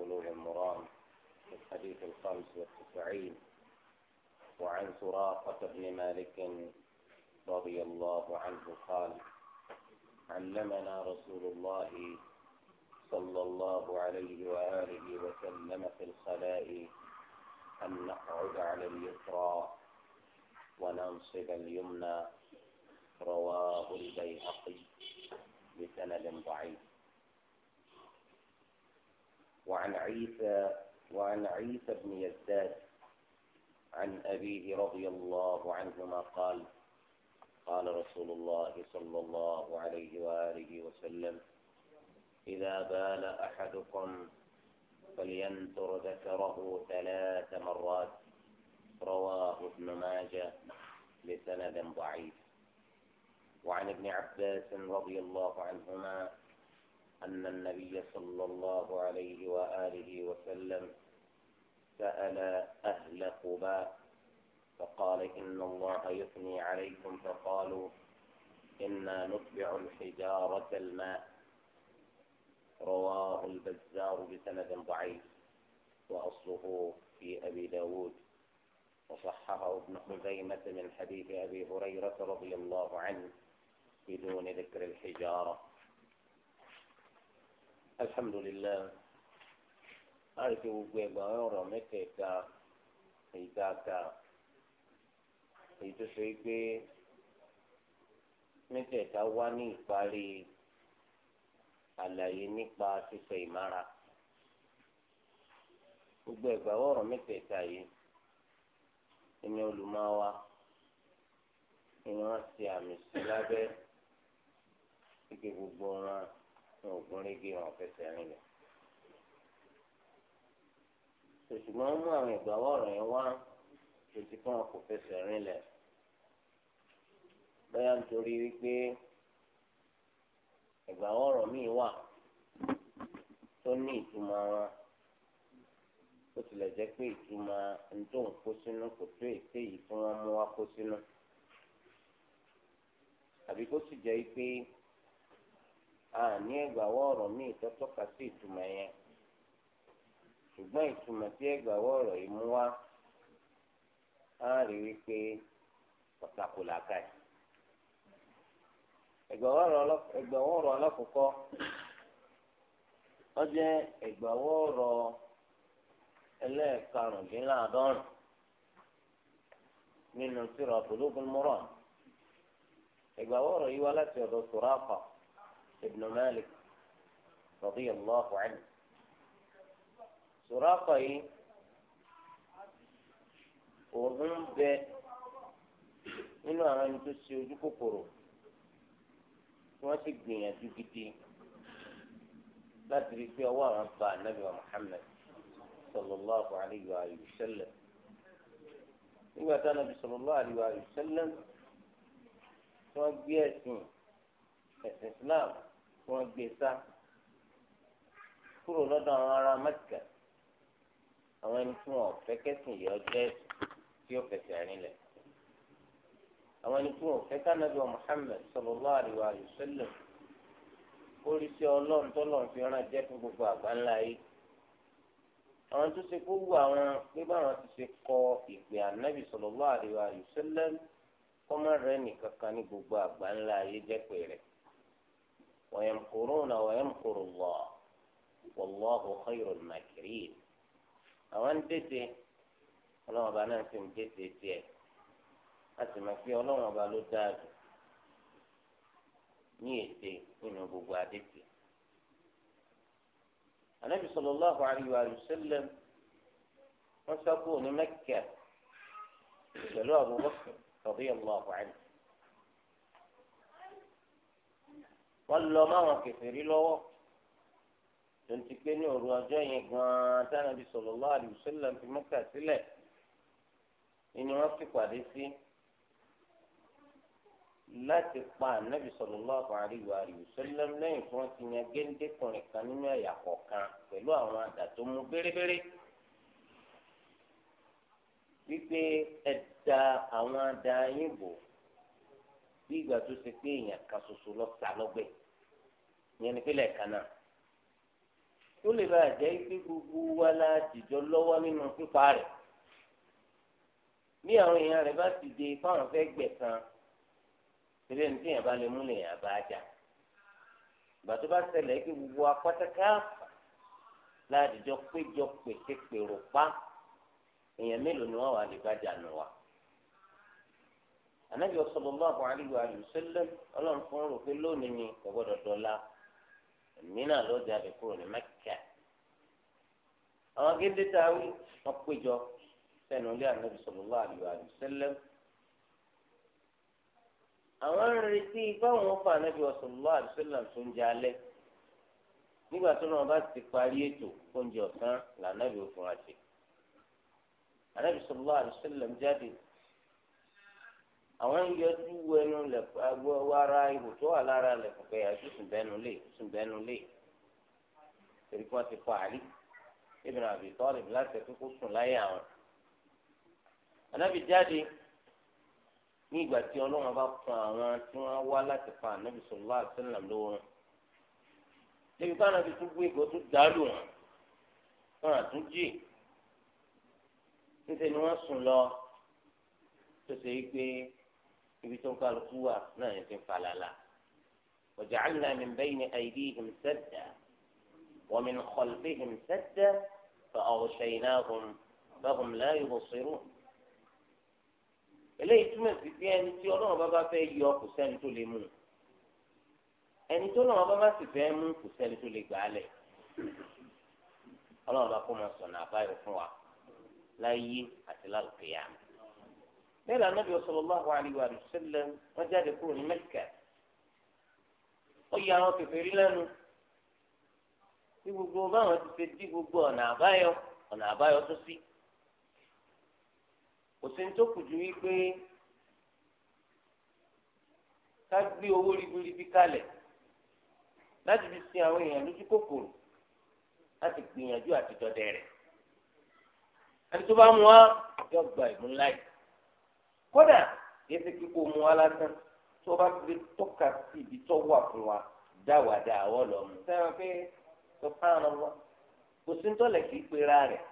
بلوغ المرام في الحديث الخامس والتسعين وعن سراقة بن مالك رضي الله عنه قال علمنا رسول الله صلى الله عليه وآله وسلم في الخلاء أن نقعد على اليسرى وننصب اليمنى رواه البيهقي بسند ضعيف وعن عيسى وعن عيسى بن يزداد عن أبيه رضي الله عنهما قال قال رسول الله صلى الله عليه وآله وسلم إذا بال أحدكم فلينتر ذكره ثلاث مرات رواه ابن ماجه بسند ضعيف وعن ابن عباس رضي الله عنهما أن النبي صلى الله عليه وآله وسلم سأل أهل قباء فقال إن الله يثني عليكم فقالوا إنا نتبع الحجارة الماء رواه البزار بسند ضعيف وأصله في أبي داود وصححه ابن خزيمة من حديث أبي هريرة رضي الله عنه بدون ذكر الحجارة alhamdulilayi àrífi gbogbo ẹgbà ọ̀rọ̀ mẹ́tẹ̀ẹ̀ta èyí tá a ta èyí tó ṣe pé mẹ́tẹ̀ẹ̀ta wá ní ìparí àlàyé nípa ṣíṣe ìmára gbogbo ẹgbà ọ̀rọ̀ mẹ́tẹ̀ẹ̀ta yìí ẹni olùmọ̀wá ni wọ́n ṣe àmì sí lábẹ́ gbogbo wọn wọn ò gún wọn fẹsẹ̀ rìn lẹ̀. ṣùgbọ́n mú àwọn ìgbàwọ́ ọ̀rọ̀ yẹn wá títí fún wọn kò fẹsẹ̀ rìn lẹ̀. bẹ́ẹ̀ nítorí wípé ìgbàwọ́ ọ̀rọ̀ míì wà tó ní ìtumọ̀ wọn ó tilẹ̀ jẹ́ pé ìtumọ̀ ntòun kó sínú kò tó ète yìí tí wọ́n mú wá kó sínú àbí kó sì jẹ́ pé. àní ẹgbàwọ́ ọ̀rọ̀ míì tọ́tọ́ka sí ìtumọ̀ yẹn ṣùgbọ́n ìtumọ̀ tí ẹgbàwọ́ ọ̀rọ̀ yìí mú wá á rí wípé ọ̀tàkùn làákàyè ẹgbàwọ́ ọ̀rọ̀ ọlọ́kùnkọ́ wọ́n jẹ́ ẹgbàwọ́ ọrọ ẹlẹ́ẹ̀karùndínláàdọ́rùn nínú tírà Bulugh al-Maram ẹgbàwọ́ yìí wá láti ابن مالك رضي الله عنه سراقه وهم ب إنه أنا نتسيو جوكو كورو وما سيقني يا جوكتي في أول أنفع النبي محمد صلى الله عليه وآله وسلم إنه أتى النبي صلى الله عليه وآله وسلم وما بيأسين الإسلام wọ́n gbé sá kúrò lọ́dọ̀ àwọn ará mẹ́tìkà àwọn ẹni tí wọn ò fẹ́ kẹ́sìn yìí ọjọ́ tí ó fẹsẹ̀ rinlẹ̀ àwọn ẹni tí wọn ò fẹ́ kánábì Muhammad sallallahu alaihi wa sallam oríṣi ọlọ́run tọ́lọ́run fi rán jẹ́ fún gbogbo àgbáńlá yìí àwọn tó ṣe kó wù àwọn pé báwọn ti ṣe kọ ìpè ànábì sallallahu alaihi wa sallam kọ́mọ rẹ̀ nìkankan ní gbogbo àgbáńlá yìí jẹ́ pé rẹ̀ ويمكرون ويمكر الله والله خير الماكرين àwọn ń tètè ọlọ́run ọba náà sì ń tètè tiẹ̀ a sì máa fi ọlọ́run ọba ló dáa dùn ní ète nínú gbogbo àdètè. anabi sallallahu alayhi wa sallam wọn sábò ní mẹ́kẹ́ pẹ̀lú abubakar radiyallahu anhu. wọ́n lọ máwọn kèfèrí lọ́wọ́ tonti pé ní òru ọjọ́ yẹn gan-an tánàbí sallallahu alaihi wasallam fi Mẹ́kà sílẹ̀ ni wọ́n fi pàdé sí láti pa ànábì sallallahu alaihi wasallam lẹ́yìn tí wọ́n ti yan géńdékùnrin kan nínú ẹ̀yà kọ̀ọ̀kan pẹ̀lú àwọn àdá tó mú bérebére wípé ẹ̀dá àwọn àdá yín bò bí ìgbà tó ṣe pé èèyàn kan ṣoṣo lọ́ọ́ ta lọ́gbẹ̀ẹ́ ìyẹn ní pílẹ̀ kan náà tó lè bá jẹ́ pé gbogbo wa la dìjọ lọ́wọ́ nínú pípa rẹ̀ bí àwọn èèyàn rẹ̀ bá ti dé fáwọn fẹ́ gbẹ̀san tẹ́lẹ̀ ní tíyẹn bá lè mú lèèyàn bá jà ìgbà tó bá ṣẹlẹ̀ pé gbogbo apátákà la dìjọ péjọ pèsè pèrò pa èèyàn mélòó ni wọ́n wà lè bá jà nù wa anabi sallallahu alaihi wa sallam Ọlọ́run fún rò pé lónìí ni kò gbọ́dọ̀ mínà ló jáde kúrò ní mẹ́kà àwọn géńdé tá a wí wọ́n péjọ sẹ́nu ilé ànábì sallallahu alaihi wasallam àwọn ń retí báwọn fa ànábì sallallahu alaihi wasallam tó ń jẹ alẹ́ nígbà tó náà bá ti parí ètò oúnjẹ ọ̀sán làǹábì òfin àti ànábì sallallahu alaihi jáde àwọn ń yọjú wo ẹnu lẹ̀kọ́ agbó wára ihò tó wà lára lẹ̀kọ́ pé àti sùnbẹ́nu lè sùnbẹ́nu lè torí kí wọ́n ti pa àlí ibn Abi Talib láti ẹ̀kọ́ kó sùn láyé àwọn. ànábì jáde ní ìgbà tí ọlọ́run bá kun àwọn tí wọ́n wá láti pa ànábì sallallahu alaihi wasallam lóorun. débi ká ànábì tún gbé ìgò tó dàlù wọn wọn àtúnjì níṣẹ́ ni wọ́n sùn lọ tó ṣe pé ibi tó ń kálukú wà náà yẹn ti ń falala waja'alna min bayni aydihim sadda wa min khalfihim sadda fa aghshaynahum fahum la yubsirun eléyìí túmọ̀ sí pé ẹni tí ọlọ́run bá bá fẹ́ yọ kò sẹ́ni tó lè mú ẹni tó lọ́wọ́ bá má sì fẹ́ mú kò sẹ́ni tó lè gbà á lẹ̀ ọlọ́run bá kó máa sọ̀nà àbáyọ fún wa láyé àti lálùkìyàmù bẹ́ẹ̀ lànà bí sallallahu alaihi wa sallam wọ́n jáde kúrò ní Mẹ́kà ó yà àwọn kèfèrí lẹ́nu bí gbogbo báwọn ti ṣe dí gbogbo ọ̀nà àbáyọ ọ̀nà àbáyọ tó sí kò sí ní tó kù ju wípé ká gbé owó ribiribi kalẹ̀ láti fi sin àwọn èèyàn lójú kòkòrò láti gbìyànjú àtijọ́ dẹ̀rẹ̀ ẹni tó bá mú wa yọ gba ìmúláyìí kódà yẹtí kíkó mu alásán tó bá fi tọ́ka sí ibi tó wà fún wa dáwàdà àwọ̀ lọ mu. sẹ́wọ̀n pé subhanallah kò sí ntọ́lẹ̀ kìí pera rẹ̀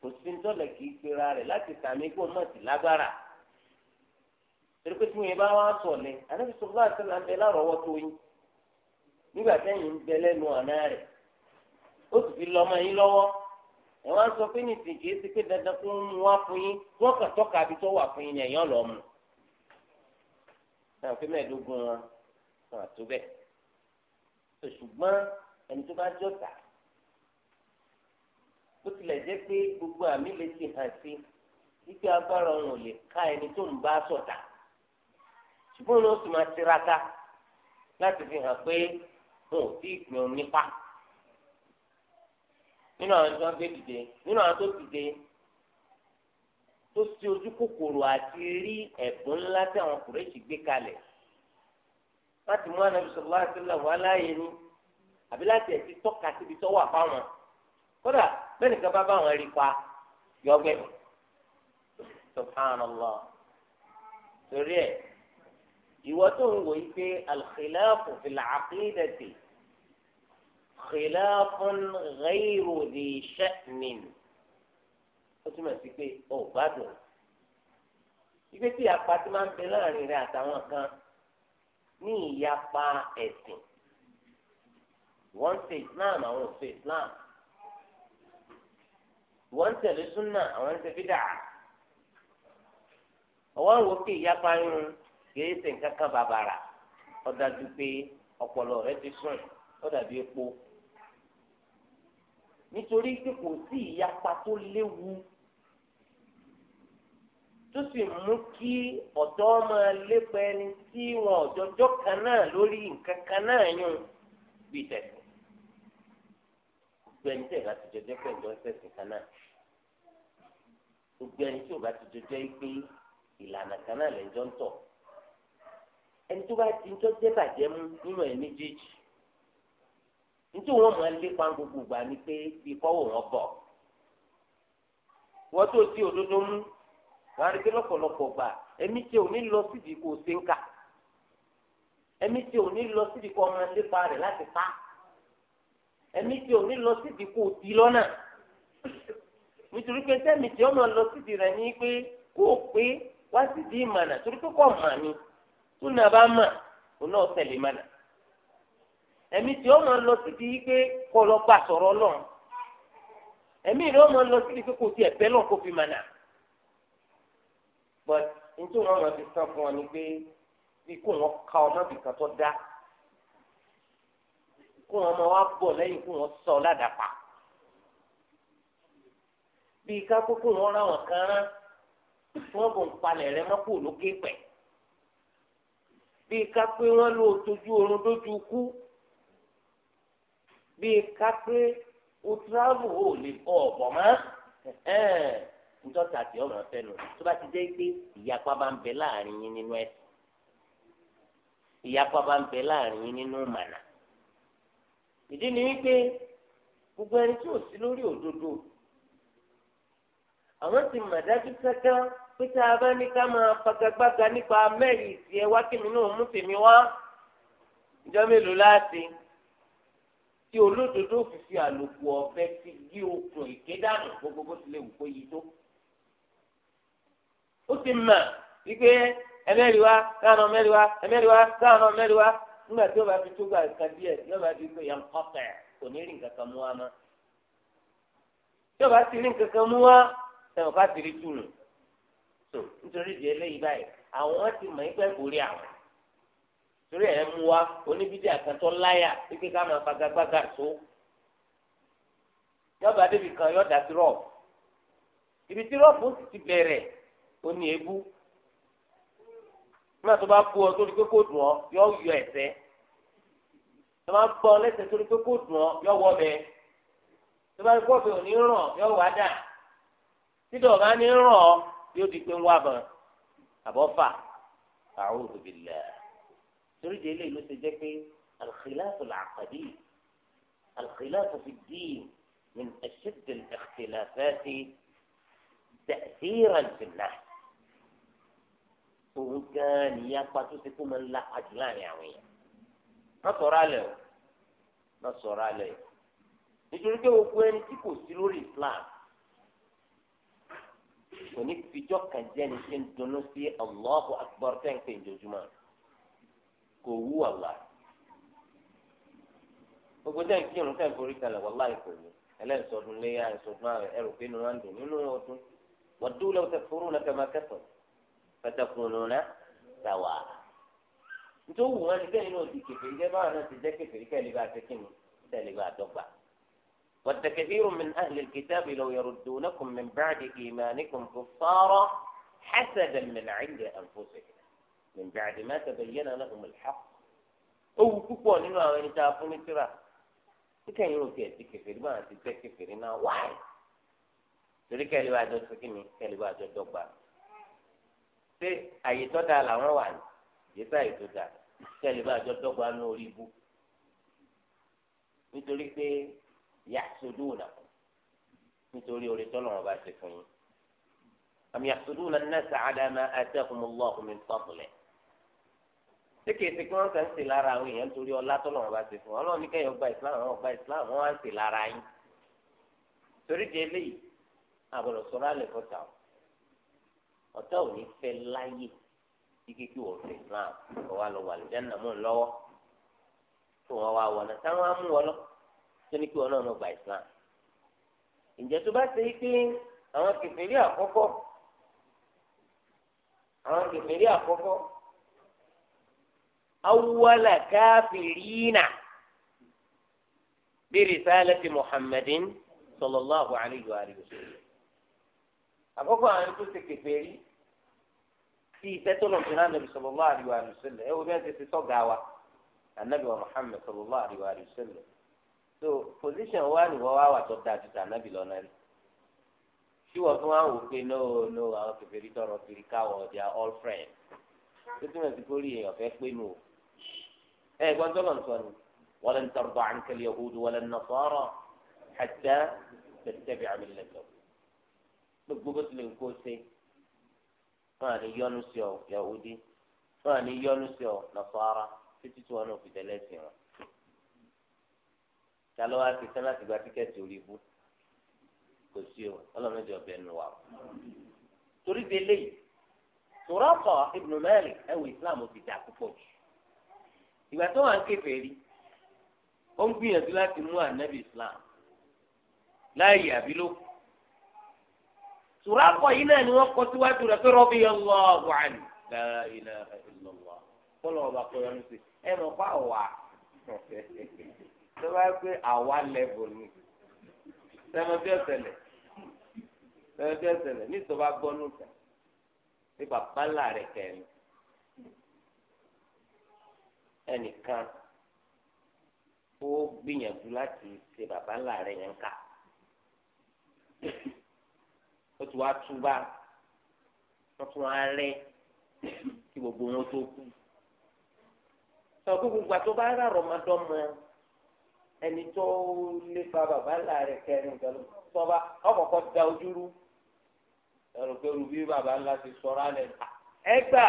kò sí ntọ́lẹ̀ kìí pera rẹ̀ láti sàmì kó náà sì lágbára. torí pé tí wọ́n yẹn bá wá sọ̀lẹ̀ ànábi sọ̀rọ̀ bá àṣẹ làǹbẹ̀ lárọ̀ọ́wọ́ tó yín nígbà tẹ́yìn ń bẹ lẹ́nu àná rẹ̀ ó sì fi lọ́mọ yín lọ́wọ́ ẹ wá sọ pé nìsín kìí ṣe pé dandan kó ń mú wá fún yín wọn kàn tọ́ka àbí tó wà fún yín ni ẹ̀yàn lọ mú náà pé mẹ́ẹ̀ẹ́dógún wọn wọn àtó bẹ́ẹ̀ ṣùgbọ́n ẹni tó bá jọ̀tà bó tilẹ̀ jẹ́ pé gbogbo àmì lè ti hàn sí wípé agbára òun ò lè ká ẹni tó ń bá sọ̀tà ṣùgbọ́n ó sì máa tiraka láti fi hàn pé òun ò tí ì pin òun nípa nínú àwọn tó ń gbé dìde nínú àwọn tó dìde tó ṣe ojú kòkòrò àti rí ẹ̀bùn ńlá tí àwọn kùrẹ́ẹ̀sì gbé kalẹ̀ láti mú Ànábì sallallahu alaihi wasallam wá láàyè ni àbí láti ẹ̀sìn tọ́ka síbi tó wà kódà bẹ́ẹ̀ nìkan bá bá àwọn rí pa yọgbẹ́ subhanallah torí ẹ̀ ìwọ tó ń wòye pé al-khilafu fil-aqidati. خلاف غير ذي شأن. ó túmọ̀ sí pé ó gbádùn ibi tí apá ti máa ń bẹ láàrin rẹ àtàwọn kan ní ìyapa ẹ̀sìn wọ́n ṣe islam àwọn ò ṣe islam wọ́n tẹ̀lé súnà àwọn ṣe fídà ọwọ́ wo kí ìyapa irun kìí ṣe nǹkan kan bàbàrà ó pé ọpọlọ rẹ ti sùn ó epo nítorí pé kò sí ìyapa tó léwu tó sì mú kí ọ̀dọ́ máa lépa ẹni tí wọn ọ̀jọ́jọ́ kan náà lórí nǹkan kan náà yún bíi tẹ̀sán gbogbo ẹni tí ẹ̀ bá ti jọjọ́ pé ìjọ sẹ̀sìn kan náà gbogbo ẹni tí ò bá ti pé ìlànà kan náà lẹ́jọ́ ń tọ̀ ẹni tó bá ti ń jọ́ jẹ́ bàjẹ́ mú nínú ẹ̀ méjèèjì nítorí wọn máa ń lépa gbogbo ìgbà ni pé bí kọ́wọ́ wọn bọ̀ wọ́n tó di òdodo mú wọ́n á rí pé lọ́pọ̀lọpọ̀ gbà ẹ̀mí tí ò ní lọ sídìí kò ṣe ń kà ẹ̀mí tí ò ní lọ sídìí kò máa lépa rẹ̀ láti pa ẹ̀mí tí ò ní lọ sídìí kò di lọ́nà nítorí pé sẹ́mi tí ó máa lọ sídìí rẹ̀ ní pé kó o pé wá sídìí ìmọ̀nà torí pé kò mà ní tó nà bá mà òun náà tẹ̀lé mọ̀nà ẹ̀mí tí ó máa lọ síbi pé kó lọ bá sọ̀rọ̀ lọ ẹ̀mí rẹ̀ ó máa lọ síbi pé kò tiẹ̀ bẹ́ẹ̀ lọ kó fi mànà but nítorí wọn máa fi sàn fún ọ ni pé bí kò wọn ka ọ náà bìkan tó dá kó wọn máa wá bọ̀ lẹ́yìn kó wọn sọ ládàpá bí ká kókó wọn ráwọn kan rán tí wọn kò ń palẹ̀ rẹ mọ́kò lókè pẹ̀ bí ká pé wọn lò tójú oorun dójú kú. bí kápé o o lè mọ́ ntọ́ta nù ti pé ìyapa bá ń bẹ láàrin yín nínú ìyapa bá ń bẹ láàrin gbogbo ẹni tí ò sí lórí òdodo àwọn ti dájú kankan pé tá a bá ní ká máa pagagbága nípa mẹ́rin tí olódodo fi fi àlòkù ọ̀fẹ́ ti gé okùn ìkédànù gbogbo bó tilẹ̀ wù kó yí tó. ó ti mà wípé ẹmẹ́rin wa káànà mẹ́rin wa ẹmẹ́rin wa káànà mẹ́rin wa nígbà tí ó bá fi tó gba ìka díẹ̀ yóò bá di pé yàn kọ́kẹ́ kò ní rí nǹkan kan mú wa mọ́. tí ó bá ti rí nǹkan mú wa ẹ̀wọ̀n ká ti rí túnú. nítorí ìdí eléyìí báyìí àwọn ti mọ̀ nípa ìkórè àwọn torí ẹ̀ mú wa oníbídì àkàntọ́ láyà wípé ká máa fagagbága tó yọba débi kan yọ̀dà tírọ̀pù ibi tírọ̀pù sì ti bẹ̀rẹ̀ ó ní ebú nígbà tó bá kú ọ tó ní pé kó dùn ọ yọ yọ ẹsẹ̀ tó bá gbọ́ ọ lẹ́sẹ̀ tó ní pé kó dùn ọ yọ wọ bẹ tó bá gbọ́ ọbẹ̀ òní ràn yọ wà dà títọ̀ bá ní ràn yóò di pé ń wà bàn àbọ̀ fà a'udhu billah. تريد إليه لو تجيبه الخلاف العقدي الخلاف في الدين من أشد الاختلافات تأثيرا في الناس وكان يقصد سكوما لا أجلا يعني ما صرا له ما صرا له نجري كي وكوين تيكو سلو الإسلام ونك في جوك كان دونوسي الله أكبر تنك جوجمان kò wú ọ̀la gbogbo dẹ́n kí irun fẹ́ẹ́ forí kalẹ̀ wàlá ìkò ní ẹlẹ́sọ̀dún léyà ẹ̀sọ̀dún ẹrù pé nínú wọn dùn nínú ọdún wàdú lọ kẹ́tọ̀ pẹ̀tẹ̀kùn ònà rẹ̀ ta wà. nítorí wù wọn ni bẹ́ẹ̀ inú òsì kẹfẹ́ ilé báwọn fẹ́tẹ̀kùn lọ́nà tàwà nítorí wù wọn ni bẹ́ẹ̀ nínú òdì kẹfìrí kẹ́ báwọn náà ti jẹ́ kẹfìrí kẹ́ fetekun ta wa ṣe kí ni bee ninu odi kefe ke bawon naa ti je kefe ke le ba teki ki ni ba dogba won teke أهل الكتاب لو يردونكم من بعد إيمانكم كفارا حسدا من عند من بعد ما تبين لهم الحق ó wu púpọ̀ nínú àwọn ẹni tá a fún ní tíra kíkẹ́ yìí ò tiẹ̀ ti kẹfẹ́rí bá àti tẹ́ kẹfẹ́rí náà wáyé torí kẹ́lí wa jọ sókè ní kẹ́lí wa jọ dọ́gba ṣé àyè tó dáa làwọn wà ní yìí sá àyè tó dáa kẹ́lí wa jọ dọ́gba ní orí ibú nítorí pé yasuduna nítorí orí tọ́lọ̀ wọn bá ṣe fún yín am yasuduna an-nasa ala ma atahumullahu min fadlihi ṣé kìí ṣe pé wọn kàn ń ṣe lára àwọn èèyàn torí ọlá tó lọ́wọ́ bá ṣe fún wọn Ọlọ́run ní kẹ́yìn ọgbà Islam àwọn ọgbà Islam wọn á ń ṣe lára yín torí di eléyìí àbọ̀rọ̀ sọ̀rọ̀ àlẹ́ fọ́tà ọ̀tá ò ní fẹ́ láyè kíkí kí wọ́n ṣe Islam kọ́ wa lọ wà lójà nà mọ́ lọ́wọ́ tó wọn wá wọnà táwọn á mú wọn lọ tó ní kí wọn náà gba Islam ǹjẹ́ tó bá ṣe pé àwọn kèfèrí àkọ́kọ́ àwọn kèfèrí àkọ́kọ́ awwala káfìrínà bí risalati muhammadin sallallahu alayhi wa sallam. àkọ́kọ́ àwọn tó ti kèfèrí tí iṣẹ́ tó lọ́n fi hàn nàbì sallallahu alayhi wa sallam ẹ̀ wọ́n bí wọ́n ti ti sọ́gà wa ànábì wa one, sallallahu alayhi wa sallam. so position wa ni wọ́n wá wà tó dáa tuntun ànábì lọ́nà rí tí wọ́n fún wa wò pé no no àwọn kèfèrí tọrọ kiri káwọ̀ they are all friends tó túmọ̀ sí kórìí èèyàn fẹ́ pé nù o. ايه ولن ترضى عنك اليهود ولا النصارى حتى تتبع ملتهم بقبض من كوسي فاني يونس يو يهودي فاني يونس يو نصارى تتتوانو في دلاتهم قالوا آه، في سنة تباتك توليبو كوسيو الله ما جاب بين الواقع تريد لي صراطة ابن مالك أو إسلامه في تعكفوش ìgbà tó wà ń kèfèrí ó ń gbìyànjú láti mú ànábì islam láàyè àbí ló sùrà kọ yìí náà ni wọn kọ síwájú rẹ pé rọbì ọlọ wàhálì láìlà ìlọlọ kọlọ ọba kọ yọnu sí ẹ mọ fún àwa tó bá pé àwa lẹbùn ni sẹmọ bí ọsẹlẹ sẹmọ bí ọsẹlẹ bá gbọ́ nù tán ní bàbá ńlá rẹ kẹrin ẹnìkan ó gbìyànjú láti ṣe bàbá ńlá rẹ̀ yẹn ká ó ti wá túbà wọ́n tún wá rẹ́ kí gbogbo wọn tó kú sọ pé gbogbo àti ọba rà rọmọdọ́mọ ẹni tó lépa bàbá ńlá rẹ̀ kẹrin pẹ̀lú sọba ọkọ̀ọ̀kọ̀ da ojú rú ẹ̀rọ pé rubí bàbá ńlá ti sọ̀rọ̀ alẹ́ ẹgbà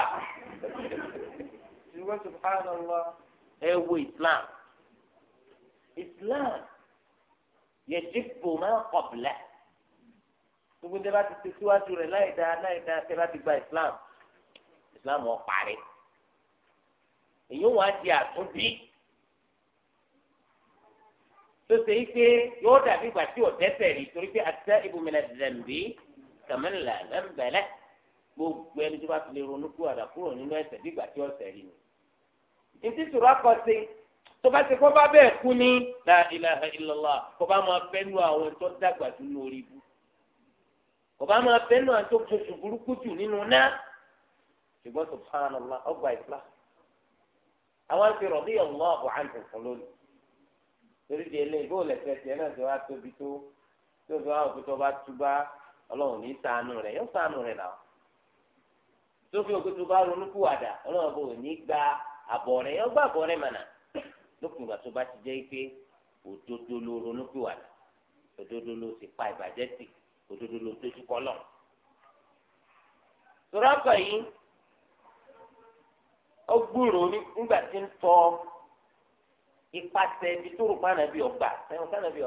ṣùgbọ́n subhanallah ẹ wo islam islam yẹ dípò máa kọ̀bìlẹ̀ gbogbo tẹ bá ti ṣe síwájú rẹ̀ láì dáa láì dáa tẹ bá ti gba islam islam ọ̀ parí èyí wọn á di àtúndì tó ṣe yí pé yóò dàbí ìgbà tí ọ̀dẹ́sẹ̀ rí torí pé àtẹ ibùmínà dẹ̀mbí kàmínlá lẹ́mbẹ̀lẹ́ gbogbo ẹni tó bá ti lè ronú kú àdàkúrò nínú ẹ̀ṣẹ̀ bí ìgbà tí ọ̀sẹ̀ rí ni ntí sùrù akọsí tó bá ti kó bá bẹ́ẹ̀ kú ní la ilaha illallah kó bá máa fẹ́ nu àwọn tó dàgbà jù ní orí ibu kó bá máa fẹ́ nu àwọn tó gbèsè burúkú jù nínú náà ṣùgbọ́n subhanallah ọgbà ìfúlá àwọn ti rọ̀bí allahu anhu fún lónìí torí di eléyìí bó lẹsẹ tiẹ̀ náà ti wá tóbi tó tó fi wá òkú tó bá túbá ọlọ́run ní ṣàánú rẹ̀ yóò ṣàánú rẹ̀ náà tó fi òkú tó bá ronú kúwàdà ọlọ́run bò ní gba. abɔrɛ ɔgbɛ abɔrɛ mana lópin ìgbà tó bá ti jẹ́ pé òdodo ló ronú pé wàdà òdodo ló pa ìbàjẹ́ tì òdodo ló dojú kọ lọ. sọ́rọ́kọ̀ yìí ó gbúrò nígbà tí ń tọ́ ipasẹ̀ ibi tó rò pàànà bí ọgbà sẹ́wọ̀n pàànà bí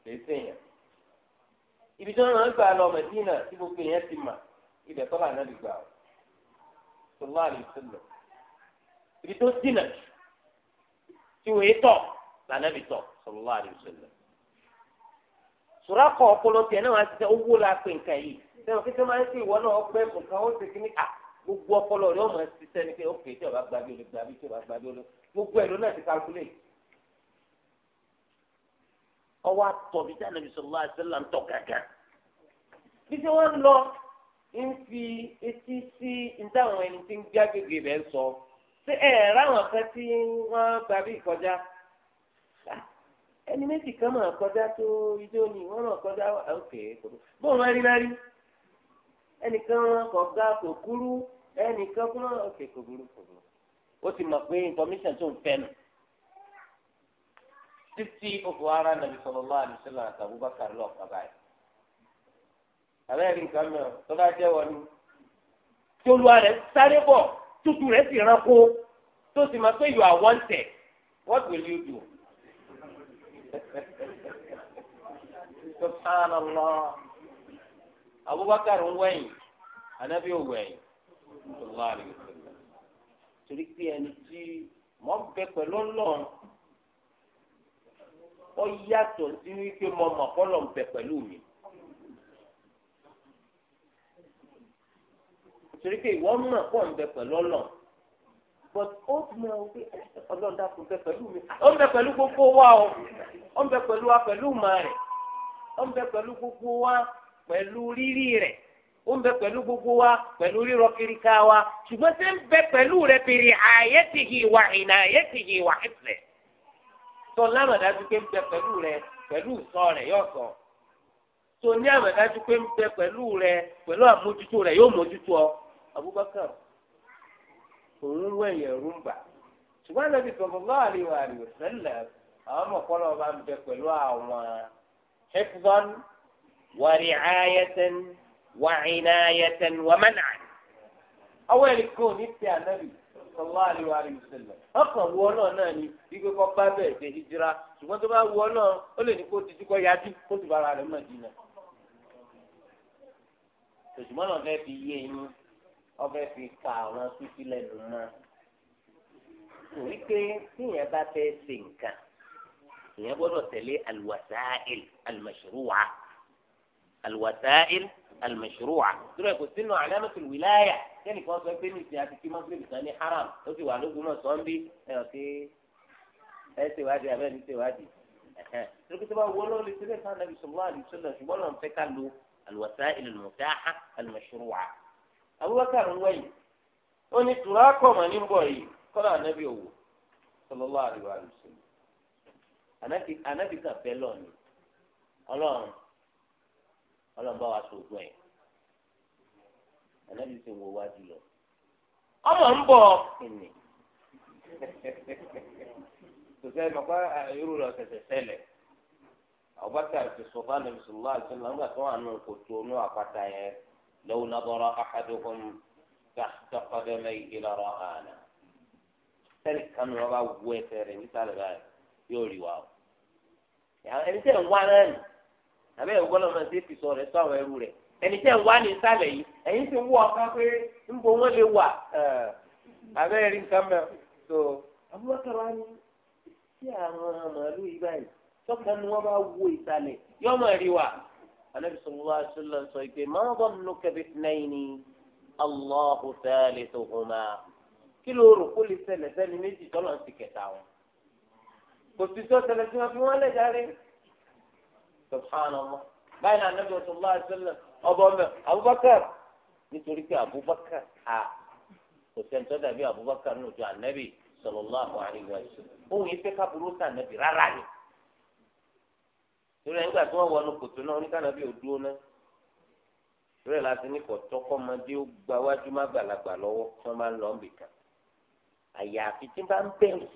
náà lè sèyàn ibi tí wọ́n gbà lọ tí gbogbo ibẹ̀ kọ́ lànà lè gbà ọ́ sọlá àlè sílẹ̀ ibi tó dínà tí wọ́n tọ̀ lànà lè tọ̀ sọlá àlè sílẹ̀ sùrákọ̀ ọpọlọ tiẹ̀ náà wá ti sẹ́ owó la pè nǹkan yìí sẹ́wọ̀n kí sẹ́ máa ń sè ìwọ náà ọgbẹ́ nǹkan ó ti kíní à gbogbo ọpọlọ rẹ ọmọ ti sẹ́ ni pé ó kéde ọba gbàgbé olè gbàgbé tí ọba gbàgbé olè gbogbo ẹ̀ ló náà ti kalkulé ọwọ́ àtọ̀bí tí a nàbì sọ̀rọ̀ àti sẹ́lá ń tọ̀ gàgà bí sẹ́ wọ́n lọ nfi fi etí sí ìdáhùn ẹni tí ń gbé agbègbè rẹ̀ sọ ṣé ẹ ráwọn kan tí wọ́n gba bí ìkọjá ẹni méjì kan máa kọjá tó ijó ni wọ́n máa kọjá ok bóun máa rí náà ẹnìkan kọ̀ ga kò kúrú ẹnìkan kúrú kò ó ti mọ̀ pé information tó ń fẹ́ nù títí òkú ara Abubakar báyìí. àbẹ́rẹ́ nǹkan mọ̀ tó bá jẹ́ wọ ni. tí olúwa rẹ̀ sáré bọ̀ tútù rẹ̀ sì ránkó tó sì máa pé you are wanted what will you do. subhanallah abubakar ń wẹ̀yìn anabi ò wẹ̀yìn sallallahu alayhi wa sallam torí pé ẹni tí mọ̀ ń bẹ pẹ̀lú ọlọ́run ó yàtọ̀ sí wípé mo mọ̀ kọ́ lọ́n bẹ pẹ̀lú mi. torí pé ìwọ mọ̀ pọ̀ ń bẹ pẹ̀lú but ó pé dákun bẹ mi ó ń bẹ gbogbo wa ó ń bẹ wa pẹ̀lú ìmọ̀ rẹ̀ ó ń bẹ gbogbo wa pẹ̀lú rírì rẹ̀ ó ń bẹ gbogbo wa rírọ ṣùgbọ́n ṣé ń bẹ wà ìnà wà Sọ lámàdájú pé ń bẹ sọ sọ ní àmàdájú pé ń bẹ àmójútó ọ Abubakar òun wọ ẹyẹ ṣùgbọ́n àwọn ọba ń bẹ pẹ̀lú àwọn ní ti Ànábì ọkàn wọ náà náà ni kọ́ bá ṣe hijira ṣùgbọ́n tó bá wọ náà ó lè ní kó yájú kó rẹ̀ mọ̀ dínà tòṣùmọ́ náà fẹ́ fi yé yín. ọbẹ̀ fi ka àwọn fífi lẹ́nu mọ́ torí pé tíyẹn bá fẹ́ ṣe nǹkan ìyẹn gbọ́dọ̀ tẹ̀lé alwasail almashru'a alwasail almashru'a torí ẹ̀ kò sínú alamatul wilaya kẹ́ni kan sọ pé ní ìsìn àti kí mọ́sílẹ̀ kan ní haram ó sì wà lógun náà sọ ń bí ẹ̀ ọ̀ sí ẹ̀ ṣe ṣèwádìí abẹ́ ní ṣèwádìí torí pé wọ́n lọ lè tẹ́lẹ̀ sáà nàbì sallallahu alaihi wasallam ṣùgbọ́n lọ́n fẹ́ ká lo alwasail almutaha Abubakar ka wẹ̀yìn ó ní tura kọ̀mọ̀ ní bọ̀ yìí kọ́lá ànábì òwò sallallahu alaihi wa sallam ànábì kan fẹ́ lọ́ọ̀ni ọlọ́run ọlọ́run bá wa sọ̀gbọ́n ẹ̀ ànábì sì wọ wájú lọ ọmọ ń bọ̀ Abubakar ti tó لو نظر أحدهم تحت قدميه لرآنا ذلك كان ربا ويتر مثال ذلك يوري واو يعني أنت وانا àbẹ́ ìwọ lọ náà ṣéèkì sọ rẹ̀ sọ àwọn ẹrú rẹ̀ ẹni tẹ́ ń wá ní ìsàlẹ̀ yìí ẹ̀yin ti wú ọ̀kan pé ń bo wọ́n lè wà àbẹ́ rí nǹkan wa ni anabi sọlá ṣọlá sọ pé máa bọ̀ nínú kẹbi náírì allahu fẹ́ẹ́lì tó hùn máa kí ló rò kó lè ṣẹlẹ̀ sẹ́ni méjì tọ́lọ̀ ti kẹta wọn kò sí tó ṣẹlẹ̀ tí wọ́n fi wọ́n lẹ̀ járe subhanallah báyìí náà anabi sọlá ṣọlá ọbọ mẹ abubakar nítorí pé abubakar a kò sẹ́ńtọ́ dàbí abubakar nù ju anabi sọlá ọ̀hún àríwá ìṣòro òun yìí fẹ́ ká burú sí anabi rárá ni torí ẹ̀ nígbà tí wọ́n wọnú kòtò náà oníkànnàbí ò dúró náà torí ẹ̀ láti ní kọ̀tọ́ kọ́mọdé ó gba wájú má gbàlagbà lọ́wọ́ tí wọ́n máa ń lọ ń bìkan àyàfi tí bá ń bẹ̀rù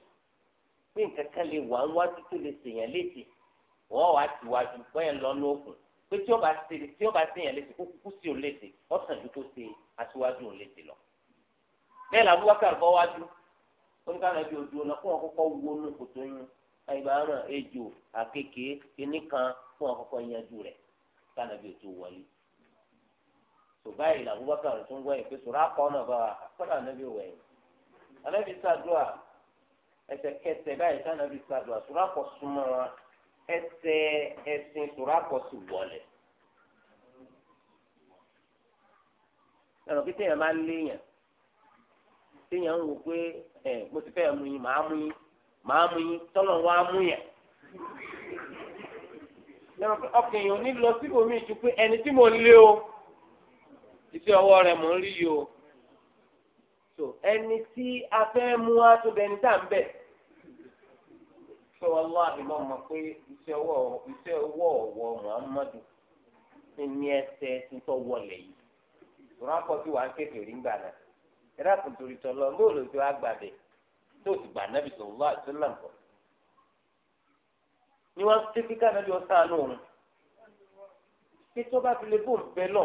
pé nǹkan kan lè wà ń wájú tó lè sèèyàn létí wọ́n wàá ti wájú wọ́n yẹn lọ ní òkun pé tí ó bá sèèyàn létí kó kúkú sí òun létí ó sàn ju kó ṣe aṣíwájú òun létí lọ. bẹ́ẹ̀ làbúwákàrọ̀ bọ́ wájú oníkànnàbí ò dúró náà kó wọn kọ́kọ́ wọnú kòtò yín àìbára ejò àkekèé kínní kan fún ọkọ̀kọ̀ yanjú rẹ̀ kánàbí ètò wọlé tòbá yìí làbúbákàrù tó ń wọ yìí pé sòrò akọ bá wa kọ́nà ànábì wọ̀ yìí ànábì sàdúà ẹsẹ̀ kẹsẹ̀ báyìí sànábì sàdúà sòrò akọ wa ẹsẹ̀ ẹsìn sòrò akọ sì wọlé. ẹnì kí téèyàn máa léèyàn téèyàn ń wò pé ẹ mo ti fẹ́ mu yín màá mu yín. màá mú yín tọ́lọ̀ wá mú yàn. ọkàn èèyàn ní lọ síbò mí ju pé ẹni tí mo lé o iṣẹ́ ọwọ́ rẹ mò ń rí yìí o. so ẹni tí a fẹ́ mú wá tó bẹni tá à ń bẹ̀. pé ọwọ ọwọ Muhammadu ní wọlé yìí. ìrọ́pọ̀ tí wàá ìrọ́pọ̀ torítọ́ lọ bóòlù tí o sì gbà nábì sallallahu alaihi wasallam nǹkan ni wọ́n ké kíkà nábì ọ̀sán àánú òun pé tó bá fi lè bò ń bẹ lọ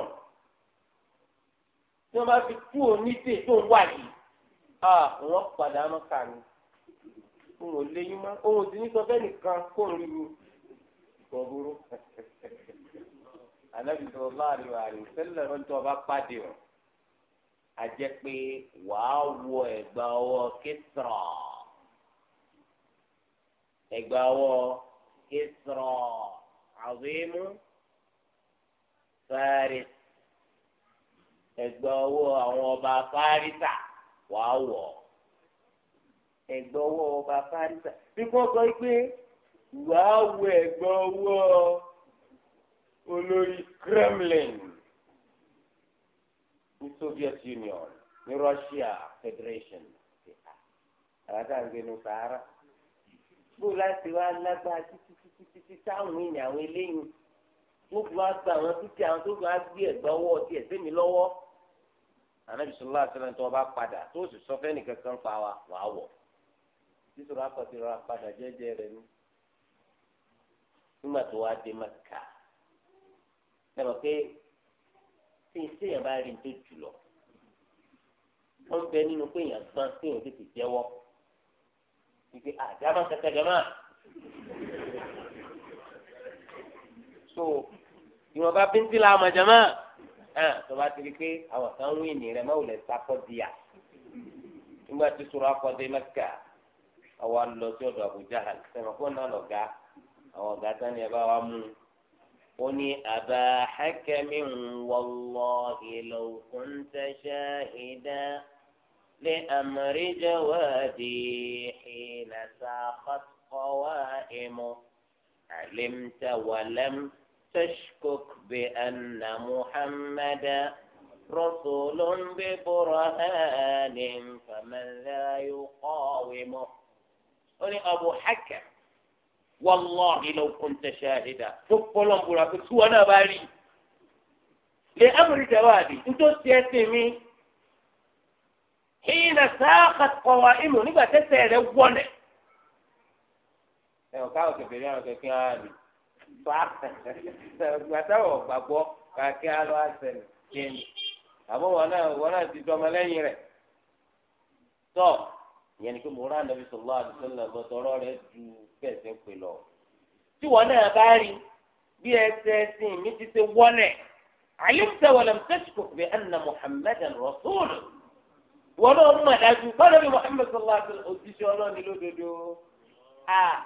tí wọ́n bá fi kú onídé tó ń wà yìí à wọ́n padà máa kà òun ò léyìn mọ́ òun ò sì ní sọ bẹ́ẹ̀ nìkan kó ń lu gbọ̀gbọ̀rọ̀ ànábì sallallahu alaihi wasallam lọ́jọ́ ọba pàdé wọn ajẹ pé wàá wọ ẹ̀gbà ọwọ́ kẹsàrọ ẹ̀gbà ọwọ́ kẹsàrọ àwẹmú fẹrẹ ẹ̀gbà ọwọ́ àwọn ọba fárísà wàá wọ ẹ̀gbà ọwọ́ ọba fárísà bí sọ pé wàá wọ ẹ̀gbà ọwọ́ olórí kremlin ní Soviet Union ní Russia Federation àbáta àgbẹnu sahara bó láti wá lágbára títí títí títí táwọn èèyàn àwọn eléyìí tó gba gba àwọn títí àwọn tó gba gbé ẹgbẹ ọwọ́ tiẹ̀ sẹmi lọ́wọ́ anabi sọlá sẹlẹn tó bá padà tó sì sọ fẹ́ni kankan pa wa wàá wọ̀ sísọ̀rọ̀ akọ̀tìrọ̀ apadà jẹ́jẹ́ rẹ̀ ni nígbà tó wá dé Mẹ́kà ẹ lọ pé tí ìsèyàn bá rí tó jù lọ wọn bẹ nínú pé èèyàn gbọ́n tí èèyàn tètè jẹ́wọ́ ìgbé àjábọ̀ kẹtẹkẹ máa so ìwọ̀nba bíntì la mọ̀ jẹ́ máa ẹ̀ tó bá ti di pé àwọn kan ń wíìnì rẹ̀ máa wò lẹ̀ sákọ́ díà nígbà tí sọ̀rọ̀ akọ́dé mẹ́kà àwọn alọ́ sí ọ̀dọ̀ Abu Jahal sẹ́mi kó náà lọ̀gá àwọn ọ̀gá tán ni ẹ bá wa mú un. قل أبا حكم والله لو كنت شاهدا لأمر جوادي حين ساقت قوائمه علمت ولم تشكك بأن محمدا رسول ببرهان فمن ذا يقاومه قل أبو حكم wallahi law kunta shahida tó kọ́lọ́n bùrọ̀ àti tí wọn náà bá rí lè amúrí jawaabi nítorí tiẹ̀ sí mi hìnà sáàkà kọ̀wá ìmù nígbà tẹ́sẹ̀ rẹ̀ wọlé. ẹ ò káwọn kẹfẹ rí àwọn kẹkẹ ara rẹ fa gbàtàwọ gbàgbọ́ kàkẹ alọ àṣẹlẹ kéènì àmọ́ wọn náà wọn náà ti dọmọ lẹ́yìn rẹ̀ tọ. So, ìyẹn ni pé mo rán anabi sọlọ àdìsọlọ lọ tọrọ rẹ ju bẹ́ẹ̀ ṣe ń pè lọ. tí wọn náà bá rí bí ẹsẹ ẹsìn mi ti ṣe wọlé àyẹ̀mùsẹ wọlé mùsẹ̀sìkò pé anna muhammadan rasul wọn náà mú àdájú fọlọ́bí muhammed sọlọ àdìsọlọ òjíṣẹ́ ọlọ́ọ̀ni lódodo a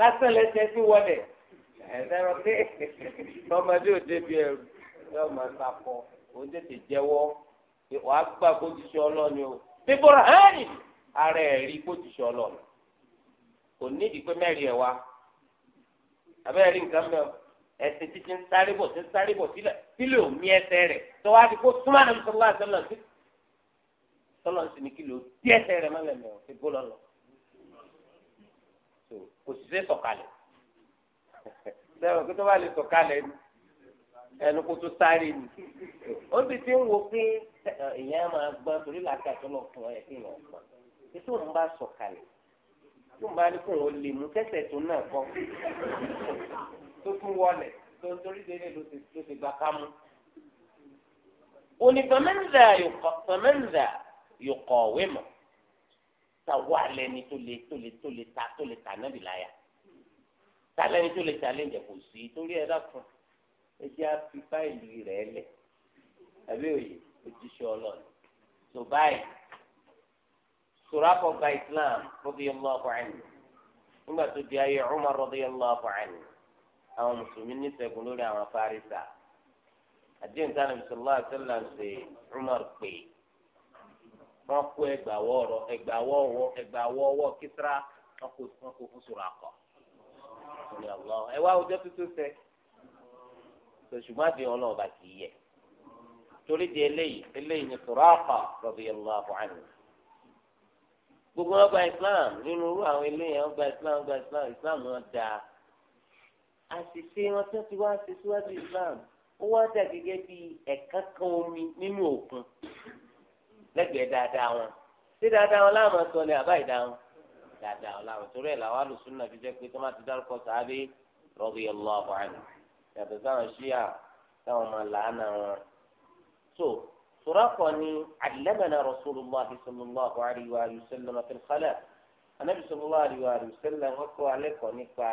lásán lẹsẹ ẹsìn wọlé ẹ̀ẹ́dẹ́rọ pé ọmọdé òde bí ẹrù yóò máa sàkọ òun tètè jẹ́wọ́ wàá gbà kó jíṣẹ́ ọlọ́ọ̀ni o ara ẹ̀ rí kó ti sọ lọ kò nídìí pé mẹ́rin ẹ̀ wá abẹ́rẹ́ rí nǹkan mẹ́ọ̀ ẹ̀sìn títí ń sáré bọ̀ tí ń sáré bọ̀ sílẹ̀ sílẹ̀ ò mí ẹsẹ̀ rẹ̀ tó wá di kó súnmọ́ àná sọ́lá sọ́lá sí sọ́lá sí ni kìlọ̀ tí ẹsẹ̀ rẹ̀ má lẹ̀mẹ̀ ọ̀ ti bó lọ́lọ́ kò sì fẹ́ sọ̀kalẹ̀ sẹ́wọ̀n kí tó bá lè sọ̀kalẹ̀ ni ẹnu kó tó sáré ni ó sì ti ń wo pé èèyàn máa gbọ́n torí làákàtúntò ètò òun bá sọ̀kalẹ̀ tó ń bá ní kóun ó lè mú kẹsẹ̀ tó náà kọ́ tó tún wọlé tó ń torí délé ló ti gbà kámú. onígbàmẹ́ńdà yòkọ̀mẹ́ńdà yòkọ̀wé mọ̀ ta wà lẹ́ni tó lè tó lè tó lè ta tó lè ta náà bì láyà ta lẹ́ni tó lè ta lẹ́ni jẹ̀ kò sí torí ẹ̀ dákun ẹ jẹ́ àfi báyìí rẹ̀ lẹ̀ àbí òye òjíṣẹ́ ọlọ́run tó báyìí. Suraqah gba Islam radiyallahu anhu nígbà tó di ayé radiyallahu anhu àwọn mùsùlùmí ní ṣẹ́gun lórí àwọn Fárísà àdéhùn tí Ànábì sallallahu alaihi wasallam ṣe Umar pé wọ́n kó ẹgbàwọ́ ọ̀rọ̀ ẹgbàwọ́ ọwọ́ ẹgbàwọ́ gbogbo wọn gba islam nínú irú àwọn eléyàn wọn gba islam gba islam islam wọn dáa àṣìṣe wọn tó ti wá ṣe síwájú islam ó wá dà gẹ́gẹ́ bí ẹ̀ka kan omi nínú òkun lẹ́gbẹ̀ẹ́ dáadáa wọn ṣé dáadáa wọn láwọn sọ ni àbá ìdá wọn dáadáa wọn láwọn torí ẹ̀ làwọn alùsùn náà fi jẹ́ pé tó má ti dárúkọ sàábé radiyallahu anhu yàtọ̀ sáwọn ṣíà táwọn máa làánà wọn tó. تراقني علمنا رسول الله صلى الله عليه وآله وسلم في الخلاء النبي صلى الله عليه وآله وسلم وقع لكم نفع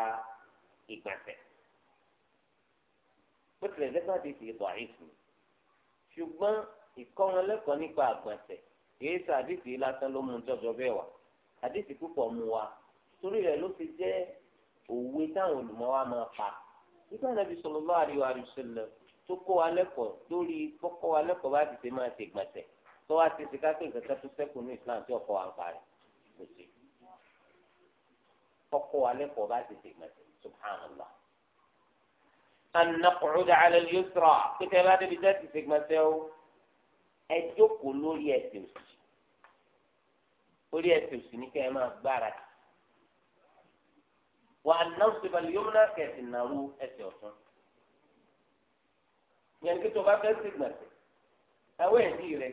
إجمعته مثل ذلك حديث ضعيف ṣùgbọ́n ìkọ́wọn lẹ́kọ̀ọ́ nípa àgbọ̀nsẹ̀ kìí ṣe àdìsí lásán ló mú un jọjọ bẹ́ẹ̀ wá àdìsí púpọ̀ mú wa torí rẹ̀ ló ti jẹ́ òwe táwọn olùmọ̀ wa máa pa nígbà Ànábì sallallahu alaihi wa sallam tó kọ́ wa lẹ́kọ̀ọ́ lórí kọ́kọ́ wa lẹ́kọ̀ọ́ bá ti ṣe máa ṣe gbọ̀nsẹ̀ tó wá ti ṣe kápẹ́ nǹkan kan tó sẹ́kù ní Islam tí ọkọ̀ wa ń parí kò sí kọ́kọ́ wa lẹ́kọ̀ọ́ bá ti ṣe gbọ̀nsẹ̀ subhanallah. an-naq'uda 'ala al-yusra pété bá débi tẹ́ ti ṣe gbọ̀nsẹ̀ o ẹ jókòó lórí ẹsẹ̀ òsì lórí ẹsẹ̀ òsì ní kẹ́ ẹ máa gbára wa an-nawsib al kẹ̀sìn nàró yẹn kí tó bá fẹ́ sí gbọ̀nsẹ̀ ẹwọ́ ẹ̀dí rẹ̀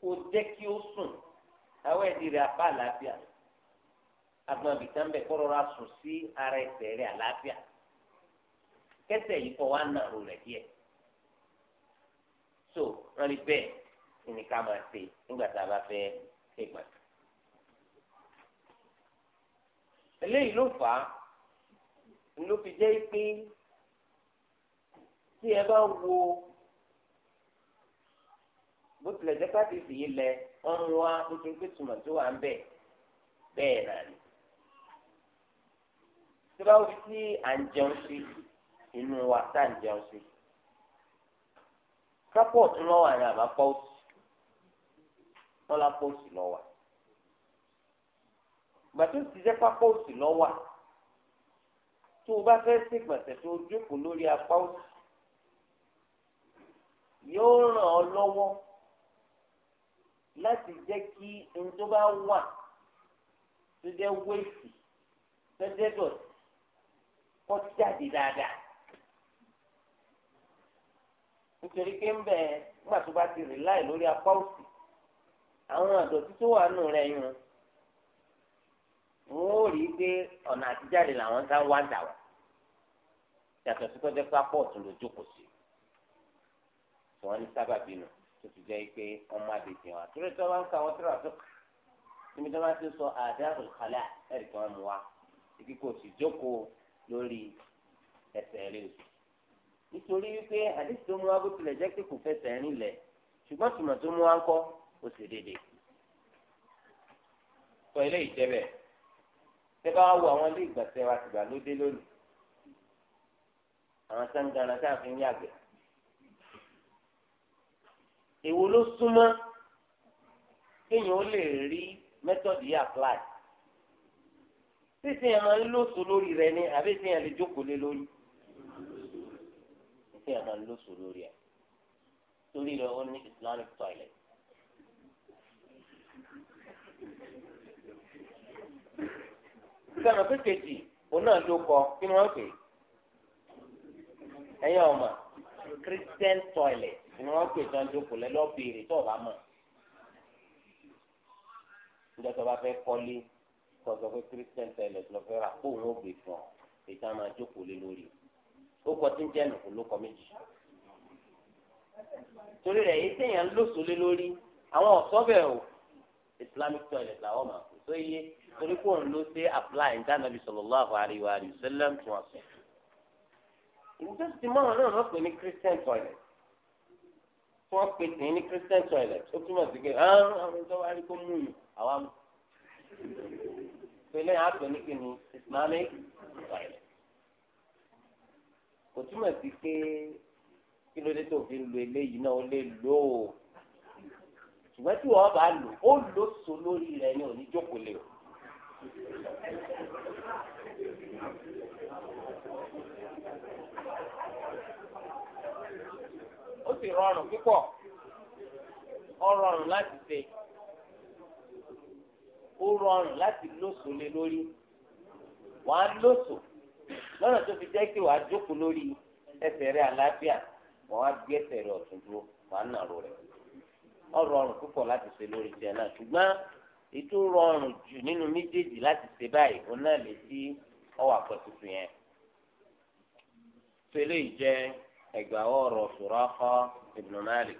kò jẹ́ kí ó sùn ẹwọ́ ẹ̀dí rẹ̀ apá àlàáfíà agbọn abìtá ń bẹ kọ́ rọra sùn sí ara ẹsẹ̀ rẹ̀ àlàáfíà kẹsẹ̀ yìí kọ́ wa nàró rẹ̀ díẹ̀ so wọn lè bẹ́ẹ̀ ìní ká máa ṣe nígbà tá a bá fẹ́ ṣe gbọ̀nsẹ̀. eléyìí ló fà á ló fi jẹ́ pé tí ẹ bá wo bó tilẹ̀ jẹ́ káàdì sì yìí lẹ ọ̀run wa tuntun pé tùmọ̀ tó wà ń bẹ̀ bẹ́ẹ̀ náà ni. tí bá wọ́n ti à ń jẹun sí inú wa tá à ń jẹun sí sápọ̀tù lọ́wọ́ àyàn àbá pọ́ọ̀tù wọ́n la pọ́ọ̀tù lọ́wọ́ gbàtó ti jẹ́ pápọ́ọ̀tù lọ́wọ́ tó o bá fẹ́ ṣègbọ̀nsẹ̀ tó o jókòó lórí apá òsì yóò ràn ọ́ lọ́wọ́ láti jẹ́ kí ohun bá wà tó jẹ́ wéèsì tó jẹ́ dọ̀tí kó jáde dáadáa nítorí pé ń bẹ nígbà tó bá ti rìn láì lórí apá òsì àwọn àdọ̀tí tó wà nù rẹ yun wọn ò rí i pé ọ̀nà àtijáde wọn ní sábàbí nù tó ti jẹ́ pé ọmọ àdèjì wọn àtúrò tí wọn bá ń ka wọn tó rà tó kà níbi tí wọn ti sọ àdáàbò kálá ẹ̀rì kí wọn mú wa ibi kò sì jókòó lórí ẹsẹ̀ rẹ̀ o nítorí wípé àdéhùn tó mú wa bó tilẹ̀ jẹ́ pé kò fẹsẹ̀ rìn lẹ̀ ṣùgbọ́n tùmọ̀ tó mú wa ń kọ́ ó sì dédé sọ ilé ìjẹ́bẹ̀ tẹ́ bá wo àwọn ilé ìgbọ̀nsẹ̀ wa tìgbà lónìí àwọn sáńgàrà èwo ló súnmọ́ kéèyàn ó lè rí method yìí apply títí yẹn máa ń lòsò lórí rẹ ni àbí tí yẹn lè jókòó lé lórí títí yẹn máa ń lòsò lórí ẹ torí rẹ ó ní islamic toilet. sọ̀rọ̀ kékeré òun náà ló kọ kí ni wọ́n pè é ẹ̀yin ọmọ christian toilet ni wọ́n pè tán jókòó lẹ́lọ́ béèrè tó o bá mọ̀ níjọ́ tó o bá fẹ́ kọ́lé tó o sọ pé christian tẹ̀lẹ̀ tó o fẹ́ rà kó òun ó gbé fún ọ èyí tá a máa jókòó lé lórí ó kọ tí ń jẹ́ nùkú ló kọ méjì torí rẹ̀ èyí téèyàn ń lòsò lé lórí àwọn ọ̀sọ́ bẹ̀ o islamic toilet làwọn máa kó tó yé torí kó òun ló ṣe apply ní dánàbí sallallahu alaihi wa sallam tí wọ́n sọ. ìjọsìn mọ́ àwọn náà lọ́pẹ́ ní christian toilet tí wọ́n pè tẹ̀ ní christian toilet ó túmọ̀ sí pé ah, àwọn àwọn ìjọba rí kó mú mi àwa mú pẹ̀lẹ́ àpè ní kí ni islamic toilet kò túmọ̀ sí pé kí ló dé tó fi lu eléyìí náà ó lè lò ó ṣùgbọ́n tí wọ́n bá lò ó lò so lórí rẹ̀ ní jókòó lè o. rọrùn púpọ̀ ó rọrùn láti ṣe ó rọrùn láti lóṣù lé lórí wàá lóṣù lọ́nà tó fi jẹ́ kí wàá jókòó lórí ẹsẹ̀ rẹ àlàáfíà wọ́n á gbé ẹsẹ̀ rẹ ọ̀tún dúró nàró rẹ ó rọrùn púpọ̀ láti ṣe lórí tiẹ̀ náà ṣùgbọ́n ètò rọrùn jù nínú méjèèjì láti ṣe báyìí ابن مالك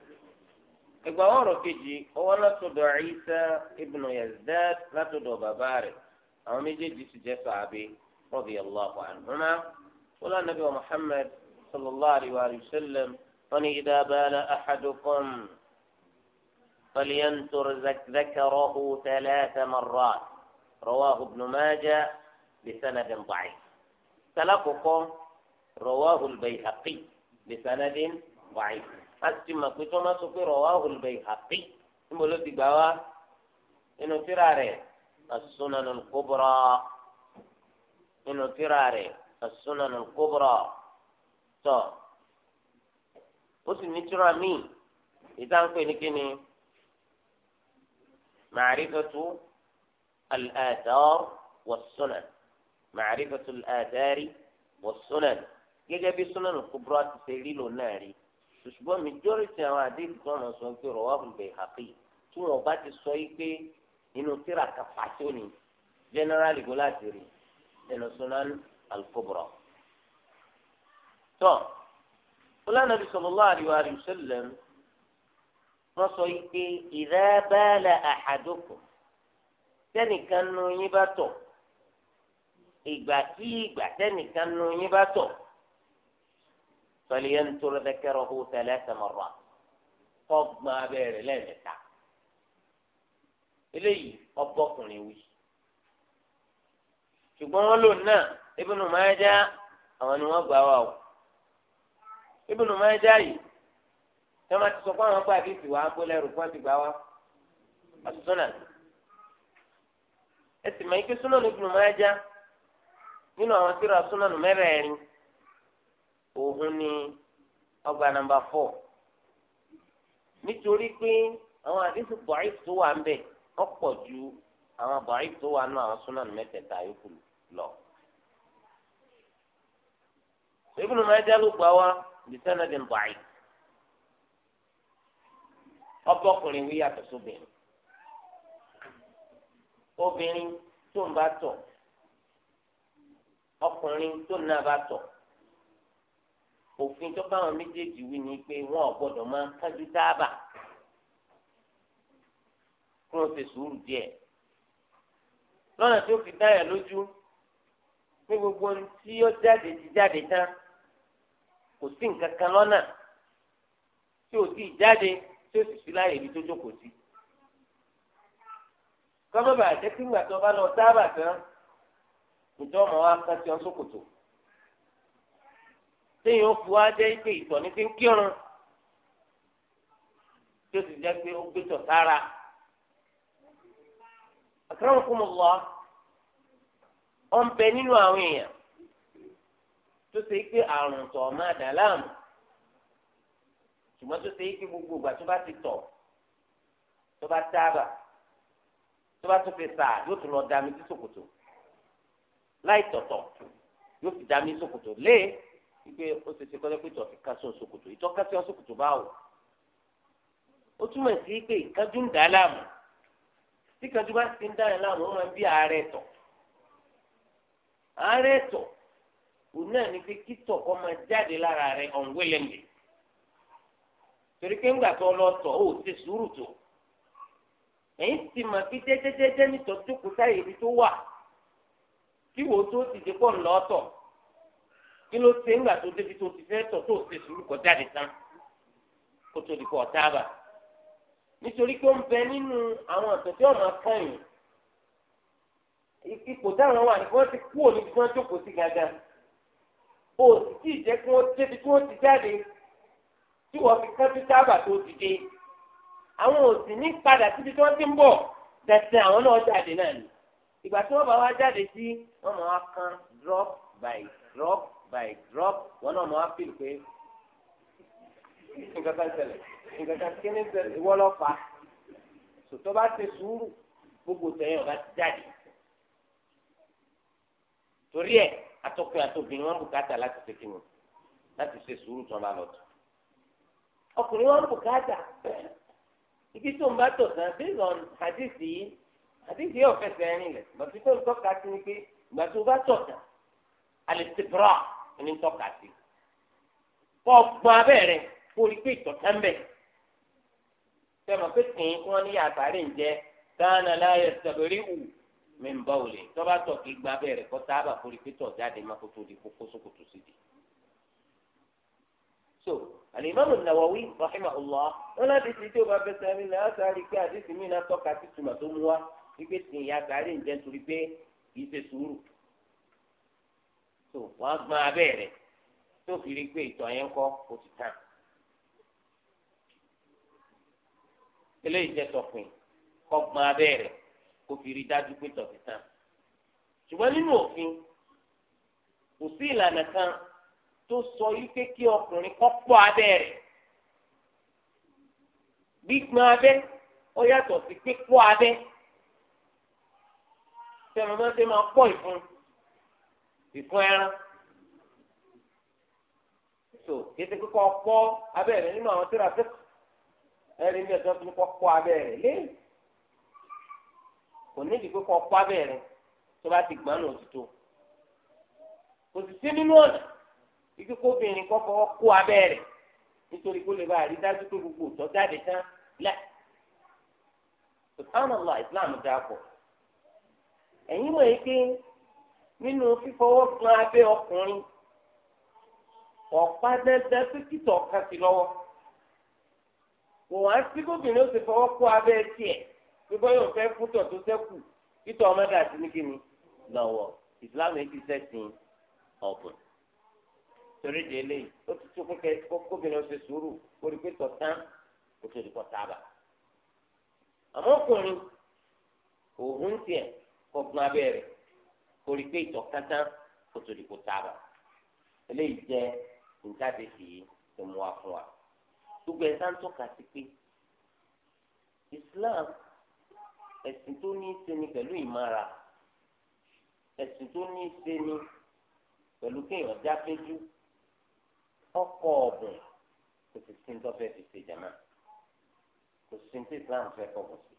ابو اغوارو كيجي هو لا تدو عيسى ابن يزداد لا تدو بابارك او ميجي دي سجي رضي الله عنهما ولا النبي محمد صلى الله عليه واله وسلم فني اذا بال احدكم فلينتر ذكره ثلاث مرات رواه ابن ماجه بسند ضعيف سلقكم رواه البيهقي بسند ضعيف a ti mọ̀ pé tí wọ́n máa sọ pé rọ̀wá al-Bayhaqi níbo ló ti gbà wá nínú tírà rẹ̀ as-Sunan al-Kubra nínú tírà rẹ̀ as-Sunan al-Kubra tọ̀ ó sì ní tírà míì ìtànkpé ni kíni ma'rifatu al-athar was-sunan ma'rifatu gẹ́gẹ́ bí Sunan al-Kubra ti ṣe rí lò rí ṣùgbọ́n majority àwọn àdéhùn tó ọ̀nà sọ pé rọ̀wá bùbẹ̀ àpè tí wọn bá ti sọ yìí pé inú tíra kàfà tó ni generally kó láti rí nínú sunan al-kubra. tọ́ fúlànà bí sallallahu alaihi wọ́n sọ pé idha bala ahadukum tẹ́nìkan nu yín bá tọ̀ ìgbà tí ìgbà tẹ́nìkan nu yín bá tọ̀. فلينتر ذكره ثلاث مرات قض ما بير لا متع إلي أبقني وي ṣùgbọ́n lónà ibùnú máa já àwọn ni wọ́n gbà wá o ibùnú máa já yìí tí wọ́n ti sọ pé àwọn gbà bí ìsìwà agbélẹ̀rù fún òun ni ọgbà nàmbà fọ nítorí pé àwọn àdéhùn bọ̀ọ̀ì tó wà ń bẹ̀ ọpọ ju àwọn bọ̀ọ̀ì tó wà nù àwọn súnà mẹ́tẹ̀ẹ̀ta yòókù lọ. Ibn Majah ló gbà wá bisanadin da'if ọbọkùnrin wí yàtọ̀ sóbìnrin obìnrin tó ń bá tọ̀ ọkùnrin tó ń náà bá tọ̀. òfin tó bá wọn méjèèjì wí ni pé wọn ò gbọ́dọ̀ máa kájú dáàbà kí wọn ṣe sùúrù díẹ̀ lọ́nà tí ó fi dáyà lójú pé gbogbo ohun tí ó jáde ti jáde tán kò sí nǹkan kan lọ́nà tí ò tí ì jáde tí ó sì sí láàyè ibi tó jókòó sí kọ́mọ́bà àjẹkíngbà tó bá lọ sábà tán ìjọ́ wa kan ti ọ́ sókòtò. So téèyàn fi wá jẹ́ pé ìtọ̀ ní fi ń kírun tí ó sì jẹ́ pé ó gbé tọ̀ sára. akramakumullah ó ń bẹ nínú àwọn èèyàn tó ṣe pé àrùn tọ̀ máa dà láàmú ṣùgbọ́n tó ṣe pé gbogbo ìgbà tó bá ti tọ̀ tó bá tábà tó bá tó fi sà yóò tún lọ dami sí ṣòkòtò láì tọ̀tọ̀ yóò fi dami sí ṣòkòtò lé wípé ó ti ṣe kọ́lẹ́ pé ìtọ̀ fi ká sí ọ̀ṣọ́kòtò ìtọ́ ká sí ọ̀ṣọ́kòtò báwo ó túmọ̀ sí pé ìkájú ń dà á láàmú tí ìkájú bá ti ń dà á láàmú ó máa ń bí àárẹ̀ tọ̀ àárẹ̀ tọ̀ òun náà ni pé kítọ̀ kọ́ máa jáde lára rẹ̀ unwillingly torí pé ńgbà tó lọ tọ̀ ó ti sùúrù tó ẹ̀yìn ti mà bí jẹ́jẹ́jẹ́jẹ́ nítorí tó kù sáyé ibi tó wà kí wò tó ti dé pọ̀ ńlọ́tọ̀ kí ló ṣe ńgbà tó débi tó ti fẹ́ tọ̀ tó ṣe sùúrù kọ jáde tán kó tó di kọ ọ̀táàbà nítorí pé ó ń bẹ nínú àwọn àtọ̀ tí ọ̀nà akọ́yìn ipò táwọn wà ní kí wọ́n ti kú òní tí wọ́n jókòó sí gangan o sì tí ì jẹ́ kí wọ́n débi tí wọ́n ti jáde tí wọ́n fi kánjú táàbà tó ti dé àwọn ò sì ní padà síbi tí wọ́n ti ń bọ̀ tẹ̀sán àwọn náà jáde náà ni ìgbà tí wọ́n bá wá jáde sí wọ́n máa kán drop by drop by drop wọn náà máa fìlì pé nǹkan kan ṣẹlẹ̀ nǹkan kan kíní ṣẹlẹ̀ wọ́n lọ fà á sòtọ́ bá ti sùúrù gbogbo tẹ̀yìn ọ̀gá ti jáde torí ẹ̀ atọ́kùn àtòbìnrin wọn bùkátà láti ṣe kíni láti ṣe sùúrù tí wọn bá lọ tó ọkùnrin wọn bùkátà ibi tó ń bá tọ̀ sàn based on hadith yìí hadith yìí ọ̀fẹ́ rìn lẹ̀ bàtí tó ń tọ́ka sí ni pé ìgbà tó bá tọ̀ sàn alẹ́ ti bọ́ọ̀ onítọ́ka sí kọ́ gbọ́n abẹ́rẹ́ forí pé ìtọ̀tẹ́ ń bẹ̀ sẹ́mọ̀ pé tìǹ kí wọ́n ní àtàrí ń jẹ dáná láyé sẹ̀bẹ̀rì wù mí ń bá wò lè tọ́ba tọ̀ kí gbọ́n abẹ́rẹ́ kọ́ sábà forí pé tọ̀ jáde má kótó di kókó sókòtò sí di. so alimami nawawi rahimahullah wọn láti ti tí o bá fẹsẹ̀ mi náà sáré pé àdéhùn mi náà tọ́ka sí tùmọ̀ tó mú wa wípé pé kì í ṣe sùúrù tó wọ́n á gbọ́n abẹ́ rẹ̀ tó fi rí pé ìtọ̀ yẹn kọ́ kó ti tàn. eléyìí jẹ́ tọ̀pìn kọ́ gbọ́n abẹ́ rẹ̀ kó fi rí dájú pé tọ̀ ti tàn. ṣùgbọ́n nínú òfin kò sí ìlànà kan tó sọ wípé kí ọkùnrin kọ́ pọ̀ abẹ́ rẹ̀ gbígbọ́n abẹ́ ó yàtọ̀ sí pípọ̀ abẹ́ tẹ̀mọ́tẹ́ máa pọ̀ ìfun. ìkún ẹran so kété kíkọ́ pọ́ abẹ́rẹ́ nínú àwọn tíra fẹ́ ẹ̀rí ní lee fún kọ́ abẹ́rẹ́ lé kò ní ìdí kíkọ́ pọ́ abẹ́rẹ́ tó bá ti gbọ́n náà òtítọ́ kò sì sí nínú obìnrin kó nítorí kó lè bá dájú pé gbogbo jáde tán nínú fífọwọ́ kan abẹ́ ọkùnrin ọ̀pá dẹ́dẹ́ pípítọ̀ kan sí lọ́wọ́ kò wá sí gómìnà ó ti fọwọ́ kó abẹ́ tiẹ̀ gbígbọ́ yóò fẹ́ fútọ̀ tó sẹ́kù títọ́ ọmọdé àti nìkíni lọ́wọ́ Islam ti sẹ́sìn ọ̀bùn torí de eléyìí ó ti tó kókè gómìnà ó ti sùúrù kórè pé tọ̀tán kó tó di kọ́ tábà àmọ́ ọkùnrin òun tiẹ̀ kọ́ gun abẹ́ rẹ̀ orí pé ìtọ̀kátá kò tó di kò tààrà eléyìí jẹ́ nǹkan àdéhì tó mú wa fún wa gbogbo ẹ̀ sáà ń tọ́ka sí pé Islam ẹ̀sìn tó ní í ṣe ni pẹ̀lú ìmára ẹ̀sìn tó ní í ṣe ni pẹ̀lú kéèyàn dákẹ́jú ọkọ̀ ọ̀bùn kò sì sí nítorí fẹ́ẹ́ fi ṣe jàmá kò sí ní tí Islam fẹ́ kọ̀ sí.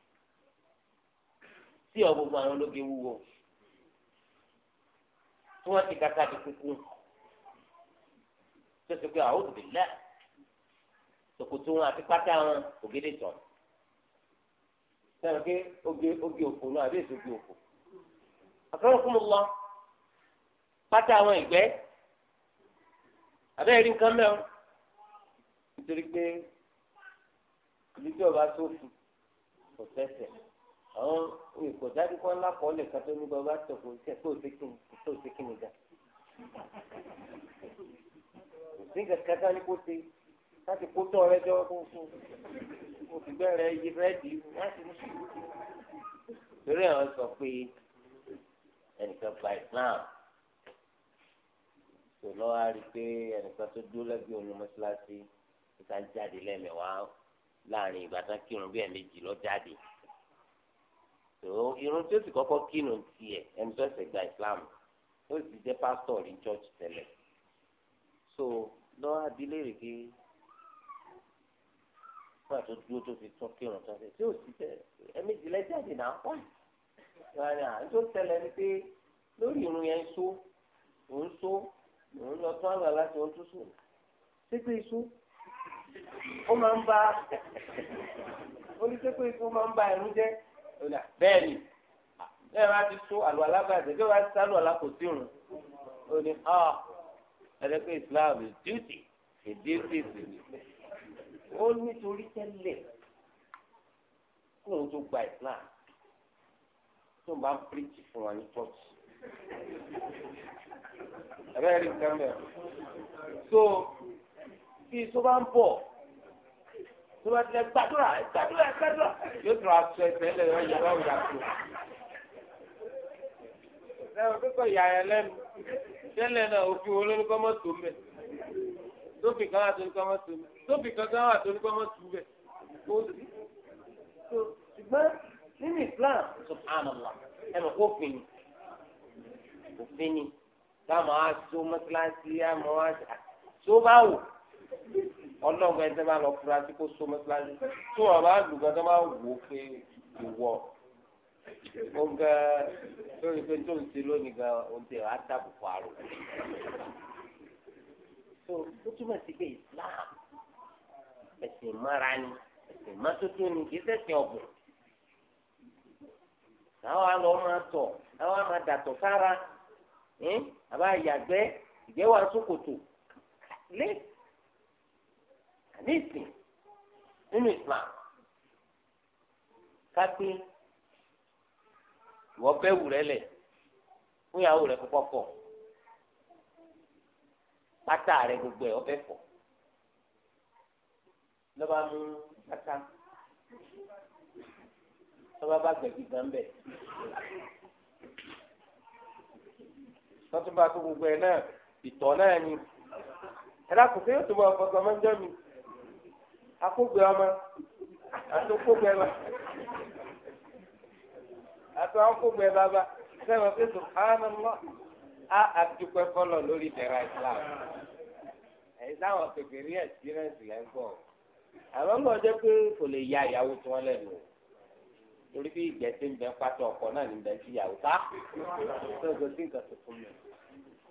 tí ọ gbogbo àwọn ológe wúwo tí wọ́n ti kàkà di kúkú tó ti pé àwọn òbí lẹ́ tòkòtò wọn àti pátá wọn ògèdè tọ̀ sẹ́wọ̀n pé oge oge òfò náà àbí èso oge òfò àfẹ́ràn fún mi lọ pátá wọn ìgbẹ́ àbẹ́rẹ́ rí nǹkan mẹ́wọ́n nítorí pé ìlú tí ọba sófin kò tẹ́sẹ̀ àwọn ìkọjáde kan ńlá kan lè kátó ní bàbá tẹ̀kọ̀ sí ẹ̀kọ́ òsèkìní gan. òsín kankan dání kó ṣe láti kó tọ́ rẹ jọ kó fún òfìgbẹ́ rẹ yí rẹ́ẹ̀dì láti mú sùúrù. torí àwọn sọ pé ẹnìkan gba Islam tò lọ́wọ́ á rí i pé ẹnìkan tó dúró lẹ́gbẹ̀ẹ́ òun mọ́ṣáláṣí ìta jáde lẹ́mẹ̀wá láàrin ìbátan kírun bí ẹ̀mejì lọ jáde irun tí ó sì kọ́kọ́ kínú tiẹ̀ ẹni tó ẹsẹ̀ gba islam ó sì jẹ́ pásítọ̀ rí church tẹ́lẹ̀ so lọ́wọ́ abilé rè ké nígbà tó dúró tó fi tún kírun tó ṣe tí ó sì tẹ ẹ̀mí ìdílé jáde náà pọ̀ ìwádìí à ń tó tẹ̀lé ni pé lórí irun yẹn so òun so òun lọ tún àgbà láti òun tún so ṣépè iṣu ó máa ń bá oníṣépè iṣu máa ń bá irun jẹ́ bẹ́ẹ̀ ni bẹ́ẹ̀ bá ti tó àlọ́ alábàjẹ́ bẹ́ẹ̀ bá ti sálù alákòóso òrùn ó ní ọ ẹ̀rẹ́pẹ́ Islam is duty is duty sí ni ó nítorí tẹ́lẹ̀ kóun tó gba Islam tó ń bá ń píríkì fún wa ní church ẹ̀rẹ́ rí nǹkan mẹ́rin so tí tó bá ń bọ̀ tó bá tilẹ̀ gbàdúrà gbàdúrà gbàdúrà yóò tún aṣọ ẹsẹ̀ lẹ̀ yọ yàrá òyà tó. lẹ́yìn kíkọ́ ìyá yẹn lẹ́nu tẹ́lẹ̀ náà òfin olórúkọ mọ́ tó mẹ́ tófì kan wà tóní kọ́ mọ́ tó mẹ́ tófì kankan wà tóní kọ́ mọ́ tó mẹ́ kó sí. ṣùgbọ́n nínú Islam subhanallah ẹ̀ mọ̀ kó fin ni kò fin ni táwọn aṣọ mọ́tíláṣí àmọ́ aṣọ tó bá wù ọlọ́gbọ́n ẹni tó bá lọ fura sí kó so mọ́sálásí tó wọn bá lù gan tó bá wò ó pé ìwọ ó ń gẹ lórí pé tó ń ṣe lónìí gan ohun tí wàá tàbùkù àrò. tó ó túmọ̀ sí pé Islam ẹ̀sìn mọ́ra ni ẹ̀sìn mọ́tótó ni kì í ṣẹ̀sìn ọ̀bùn. àwọn àlọ́ máa tọ̀ àwọn máa dàtọ̀ sára àbá yàgbẹ́ ìgbẹ́wà sókòtò lẹ́ẹ̀ nísìn nínú Islam ká pé ìwọ bẹ́ wù rẹ lẹ̀ fún ìyàwó rẹ púpọ̀ pọ̀ pátá rẹ gbogbo ẹ̀ ọbẹ̀ fọ̀ lọ́ba mú pátá lọ́ba bá gbẹ̀bí gan bẹ̀ tọ́tún bá tó gbogbo ẹ̀ náà ìtọ̀ náà ni ẹ̀ lákòókò yóò tó bá ọkọ̀ sọmọ́jọ́ mi akógbè ọmọ àti okógbè bá àti okógbè bàbá sẹ́wọ̀n pé subhanallah á àdúpẹ́ fọlọ̀ lórí ìdẹ̀ra islam ẹ̀yìn táwọn kékeré experience yẹn gbọ́ àwọn ọmọ ọjọ́ pé kò lè ya ìyàwó tí wọ́n lẹ́nu torí bí ìgbẹ́sí ń bẹ pátá ọkọ náà ní bẹ́ẹ̀ sí ìyàwó tá tó ń sọ sí nǹkan tó fún mi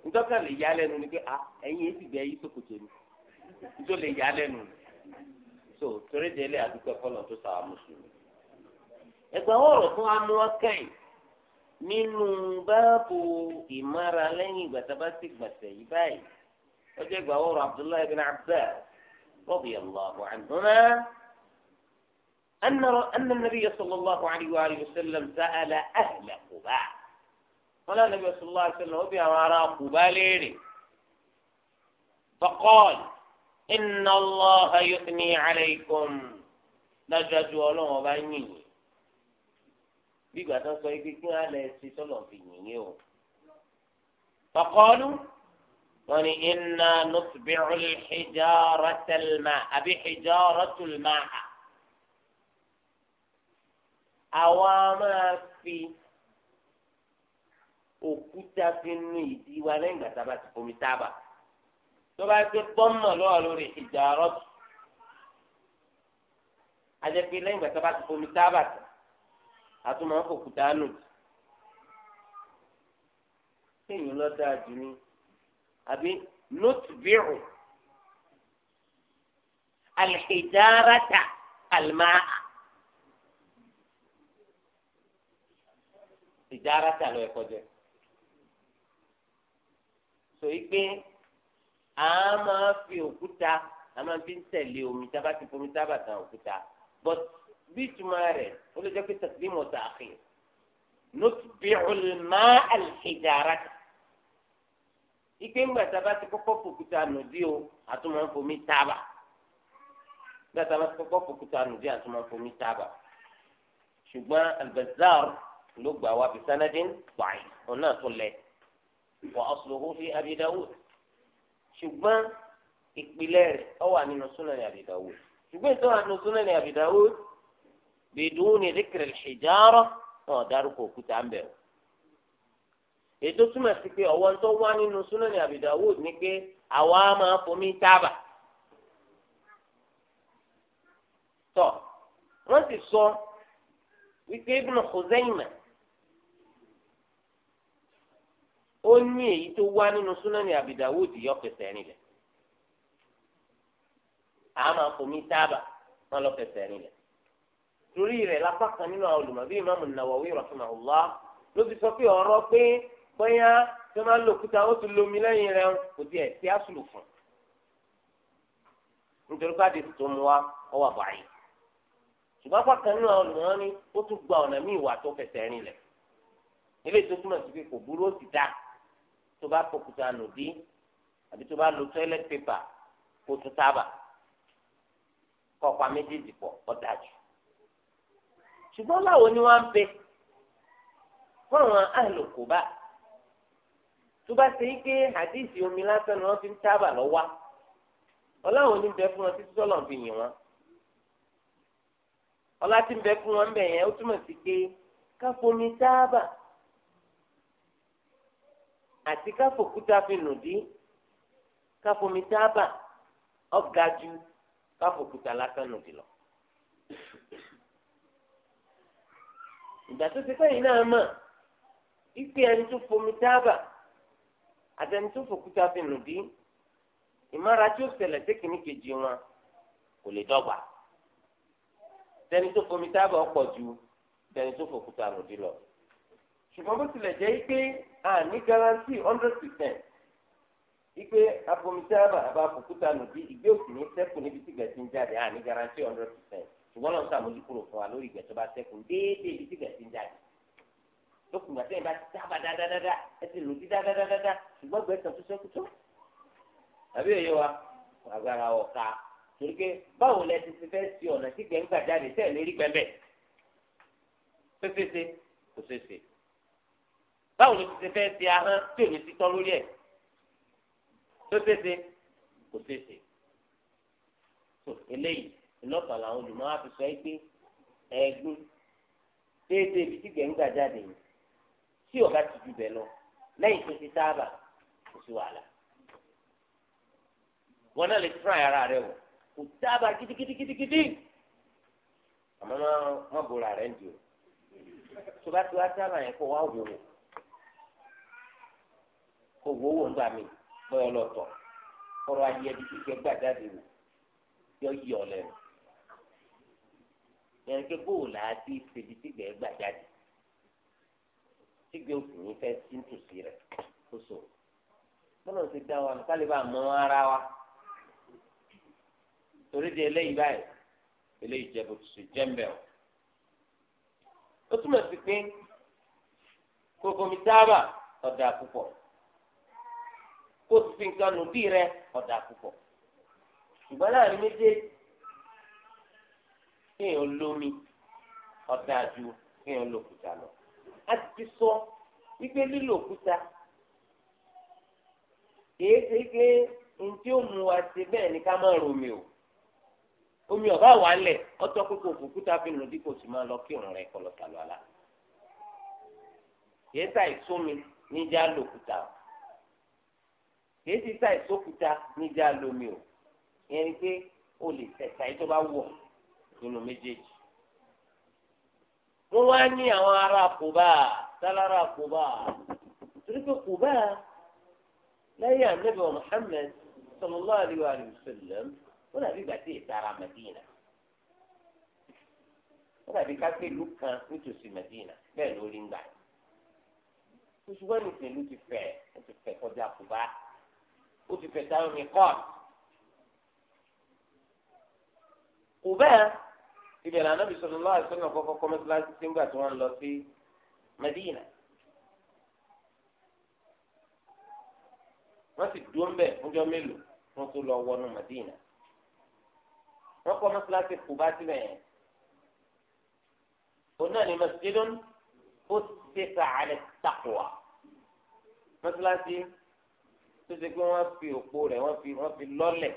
nítorí lè ya lẹ́nu ni pé ah, ẹ̀yin èsì bẹ́ẹ̀ yí sókòtò ni nítorí lè ya lẹ́nu ni. so torí de ilé àdúgbò fọlọ tó sàwọn mùsùlùmí. ẹgbẹ́ ọ̀rọ̀ fún amúwákẹ́yìn nínú báàbò ìmára lẹ́yìn ìgbà tá a bá sì gbàtẹ̀ yìí báyìí ọjọ́ ìgbà ọ̀rọ̀ abdullahi bin abbas radiyallahu anhuma. أن أن النبي صلى الله عليه وآله وسلم سأل أهل قباء قال النبي صلى الله عليه وسلم أبي أمارا قباء ليري فقال inna allaha yuthni alaykum dájúdájú ọlọ́run ọba yìn yín bí ìgbà tó sọ igi kí wọ́n á lẹ ṣe sọ́lọ̀ fi yìn o. faqalu wọn ni inna nutbi'u al-hijarata àbí hijarata al-ma'a. máa fi òkúta fi nu ìdí wa lẹ́yìn ìgbà tá ti fomi tábà tó bá gbé bọ́mọ̀ lọ́wọ́ lórí ìjà rọ́bì ajẹ́ pé lẹ́yìn ìgbà tó bá ti fomi tábà tán àtúmọ̀ kò kúta nù kéèyàn lọ dáa jù ní àbí nùtùbírù àlùmáà ìjárata lọ ẹ̀kọ́ jẹ sọ yìí pé a máa fi òkúta a máa fi ń tẹ̀lé omi tábà ti fomi tábà tàn òkúta but bí ìtumọ̀ rẹ̀ ó lè jẹ́ pé tẹ̀sílẹ̀ mọ̀ tà àfin nutbi'ul ma'a al-hijarata ike ńgbà tábà ti kọ́kọ́ fòkúta nù dí o àtúmọ̀ fomi tábà ńgbà tábà ti kọ́kọ́ fòkúta nù dí àtúmọ̀ fomi tábà ṣùgbọ́n al ló gbà wá bisanadin wáyé òun náà tún lẹ̀ wọ́n fi Abi ṣùgbọ́n ìpìlẹ̀ rẹ̀ ọ wà nínú súnani Abi Dawud ṣùgbọ́n ìtọ́ wà nínú súnani Abi Dawud biduni dhikri al-hijara náà dárúkọ òkúta ń bẹ̀rù. ètò túmọ̀ sí pé ọ̀wọ́n tó wá nínú súnani Abi Dawud ni pé àwa máa fomi tábà. tọ́ wọ́n sì sọ wípé Ibn Khuzaymah. ó ní èyí tó wá nínú súnáni àbìdáwòdì yọ fẹsẹ̀ nílẹ̀ àmà fomi tábà wọn lọ fẹsẹ̀ nílẹ̀ torí rẹ̀ lápá kan nínú àwọn olùmọ̀bí ìmáàmù Nawawi rahimahullah ló fi sọ pé ọ̀rọ̀ pé bóyá tí wọ́n lò kúta ó ti lomi lẹ́yìn rẹ̀ kò tiẹ̀ sí àsùlù fún nítorí káàdì tó mu wá ọwọ́ àbáyé ṣùgbọ́n apá kan nínú àwọn olùmọ̀ọ́ ni ó tún gba ọ̀nà míì wà tó fẹsẹ̀ nílẹ̀ ilé ìtọ́jú náà ti kò burú ó ti dáa tó bá pòkúta nùdí àbí tó bá lo toilet paper kó tún tábà kọ́ pa méjèèjì pọ̀ ọ̀dájú. ṣùgbọ́n láwọn ni wọ́n ń bẹ fún àwọn àlòkù bá tó bá ṣe pé àdìsí omi lásán ni wọ́n fi ń tábà lọ́wọ́ ọláwọn oníbẹ fún wọn títí tọ́lọ̀ fi yìn wọn ọlá tí ń bẹ fún wọn ń bẹ yẹn ó túmọ̀ sí pé káfomi tábà àti káfòkúta fi nù dí káfòmí tábà ọ̀gá ju káfòkúta lásán nù dí lọ. ìgbà tó ti pẹ́ yìí náà mọ̀ ìpè ẹni tó fomi tábà àti ẹni tó fòkúta fi nù dí ìmára tí ó ṣẹlẹ̀ sí kìíní kejì wọn kò lè dọ́gba tẹni tó fomi tábà ọ̀pọ̀ ju tẹni tó fòkúta nù dí lọ ṣùgbọ́n bó tilẹ̀ jẹ́ pé a ní garanti hundred percent ipe abomisaba àbá kòkúta nùbí ìgbé òsì ní ṣẹ́kù níbi tí gbẹ̀sìn jáde a ní garanti hundred percent ṣùgbọ́n lọ́n sàmójú kúrò fún wa lórí ìgbẹ́ tó bá ṣẹ́kù déédéé ibi tí gbẹ̀sìn jáde lókùn gbà sẹ́yìn bá ti dábà dáadáa ẹ ti lòdì dáadáa ṣùgbọ́n gbẹ̀sán tó ṣẹ́kù tó àbí èyí wa agbára ọ̀ka torí pé báwo lẹ ti fẹ́ ti ọ̀nà tí gbẹ̀ngbà jáde tẹ̀ lérí gbẹ̀mbẹ̀ pépété kò ṣeé báwo ló ti ṣe fẹ́ ṣe ahọ́n tí ò ní ti tọ́ lórí ẹ̀ tó ṣeéṣe kò ṣeéṣe tó eléyìí ìlọ́pàá làwọn olùmọ̀ á fi sọ é pé ẹ̀ẹ́dún déédéé ibi tí gẹ̀ǹgà jáde yìí tí ọ̀gá ti ju bẹ̀ lọ lẹ́yìn tó ti sáábà kò sí wàhálà wọn náà lè tún àyàrá rẹ wọ kò sáábà gidigidigidi àmọ́ má bora rẹ̀ ń di o tó bá ti wá sáábà yẹn kó wá wò ó gbogbo owó ńgbà mi bọ́yọ̀ lọ́tọ̀ kọ́rọ̀ ayé ẹbí kíkẹ́ gbàjáde wò yọ yí ọ lẹ́nu yẹn ké bó o là á ti ṣèbí tìgbẹ́ gbàjáde tìgbẹ́ òkú ní fẹ́ sí nítòsí rẹ̀ tó so bọ́lá ti dá wa nǹkan lè bá mọ ara wa torí di eléyìí báyìí eléyìí jẹ́ bó ti ṣe o ó túmọ̀ sí pé kókó mi sábà ọ̀dà púpọ̀ kó o fi nǹkan nù bí rẹ ọ̀dà púpọ̀ ṣùgbọ́n láàrin méjèèjì kéèyàn lómi ọ̀dà ju kéèyàn lòkúta lọ a ti sọ wípé lílo òkúta kìí ṣe pé n tí ó mu wa ṣe bẹ́ẹ̀ ni ká má romi o omi ọba wà lẹ̀ ọtọ́ kókó òkúta fi nù dípò sì máa lọ kírun rẹ kọlọ́ta lọ́la kìí ṣàìsómi níjà lòkúta o kìí ti sa ìsókúta níjà lomi o ìyẹn ni pé o lè tẹ̀sà yìí tó bá wọ̀ nínú méjèèjì. wọ́n wá ní àwọn ará Kùbá sálára Kùbá torí pé Kùbá láyé ànábì wa Muhammad sallallahu alaihi wa sallam wọ́n dàbí ìgbà tí ìtara Madina wọ́n dàbí kápẹ́lú kan nítòsí Madina bẹ́ẹ̀ lórí ń gbà. oṣù wẹ́nìtì ìlú ti fẹ̀ ẹ̀ ti fẹ̀ kọjá Kùbá ó ti fẹ̀ tayọ mìkọ́ọ̀tù. kò bẹ́ẹ̀ ibẹ̀ lànà bí sallallahu alaihi wasallam kọ́kọ́ kọ́ mẹ́sàlásì tí ń gbà tí wọ́n ń lọ sí Mẹ́dínà. wọ́n sì dúró ń bẹ̀ fúnjọ́ mélòó wọ́n tó lọ wọnú Mẹ́dínà. wọ́n kọ́ mẹ́sàlásì kò bá sílẹ̀ yẹn. òun náà ni masjidun ó ti ṣe sàálẹ̀ taqwa. mẹ́sàlásì tó ṣe pé wọ́n fi òpó rẹ̀ wọ́n fi wọ́n fi lọ́lẹ̀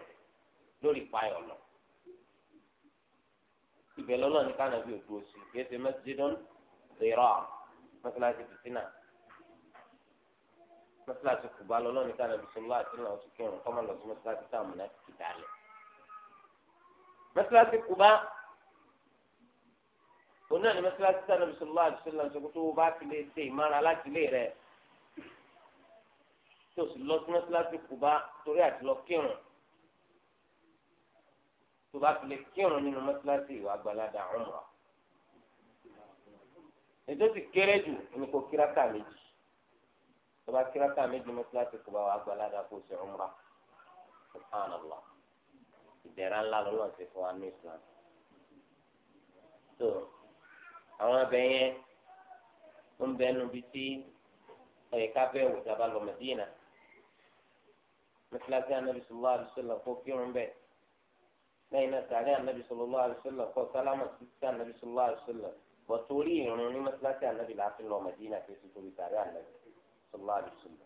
lórí ìpayọ̀ lọ. ibẹ̀ lọ́lọ́ ní kánàbí òdu òsì kìí ṣe mẹ́sídọ́n ṣèrọ mọ́sálásí fìtínà mọ́sálásí kùbá lọ́lọ́ ní kánàbí sọlá àti ìlànà oṣù kẹrin kọ́mọ lọ sí mọ́sálásí táwọn náà ti dálẹ̀. mọ́sálásí kùbá òun náà ni mọ́sálásí táwọn náà ti sọlá àti ìlànà oṣù kẹrin tó bá ti lè ṣe ìmára láti lè rẹ̀ tí o sì lọ sí mọ́sálásí Kùbá torí àti lọ kírun tó bá fi lè kírun nínú mọ́sálásí ìwà àgbàládà ọ̀mùrà ètò ti kéré jù ní kò kíráka méjì tó bá kíráka méjì mọ́sálásí Kùbá wà àgbàládà kò sí ọ̀mùrà subhanallah ìdẹ̀ra ńlá lọ́wọ́ ti fún wa ní Islam tó àwọn abẹ yẹn ń bẹnu bíi tí ẹ̀ka bẹ́ẹ̀ wò tá a bá lọ Mẹ́dínà. mẹsàlásí anabi sọlọ àdìsọlọ kó kírun bẹ́ẹ̀ lẹ́yìn náà sàárẹ anabi sọlọ àdìsọlọ kó sálámà sí anabi sọlọ àdìsọlọ bọ torí ìrún ní mẹsàlásí anabi láti lọ mẹdínà kẹsì torí sàárẹ anabi sọlọ àdìsọlọ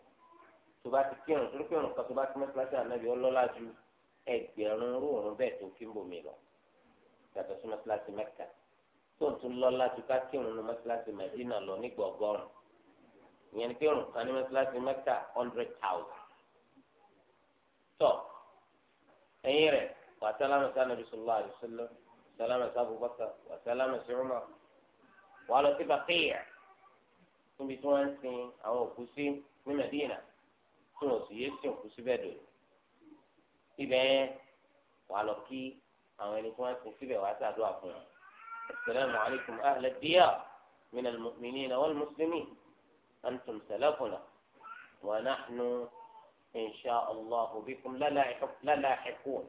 tó bá ti kírun torí kírun kan tó bá ti mẹsàlásí anabi ọlọ́lá ju ẹgbẹ̀rún rúurun bẹ́ẹ̀ tó kí n bomi lọ yàtọ̀ sí mẹsàlásí mẹ́kà tó tún lọ́lá ju ká kírun ní mẹsàlásí mẹdínà lọ ní gbọ̀gọ́rùn ìyẹn ni kírun kan ní mẹsàlásí mẹ́kà hundred thousand. tọ ẹ̀yìn rẹ̀ wà sálámà sí anabi sọlá àdìsọlá sálámà sí abubakar wà sálámà sí umar wà lọ sí bàkìyà níbi tí wọ́n ń sin àwọn òkú sí ní medina tí wọ́n sì yé sin òkú síbẹ̀ dòdò ibẹ̀ wà lọ kí àwọn ẹni tí wọ́n ń sin síbẹ̀ wà sàdúrà fún wọn. السلام عليكم أهل الديار من المؤمنين والمسلمين أنتم سلفنا ونحن إن شاء الله بكم للاحقون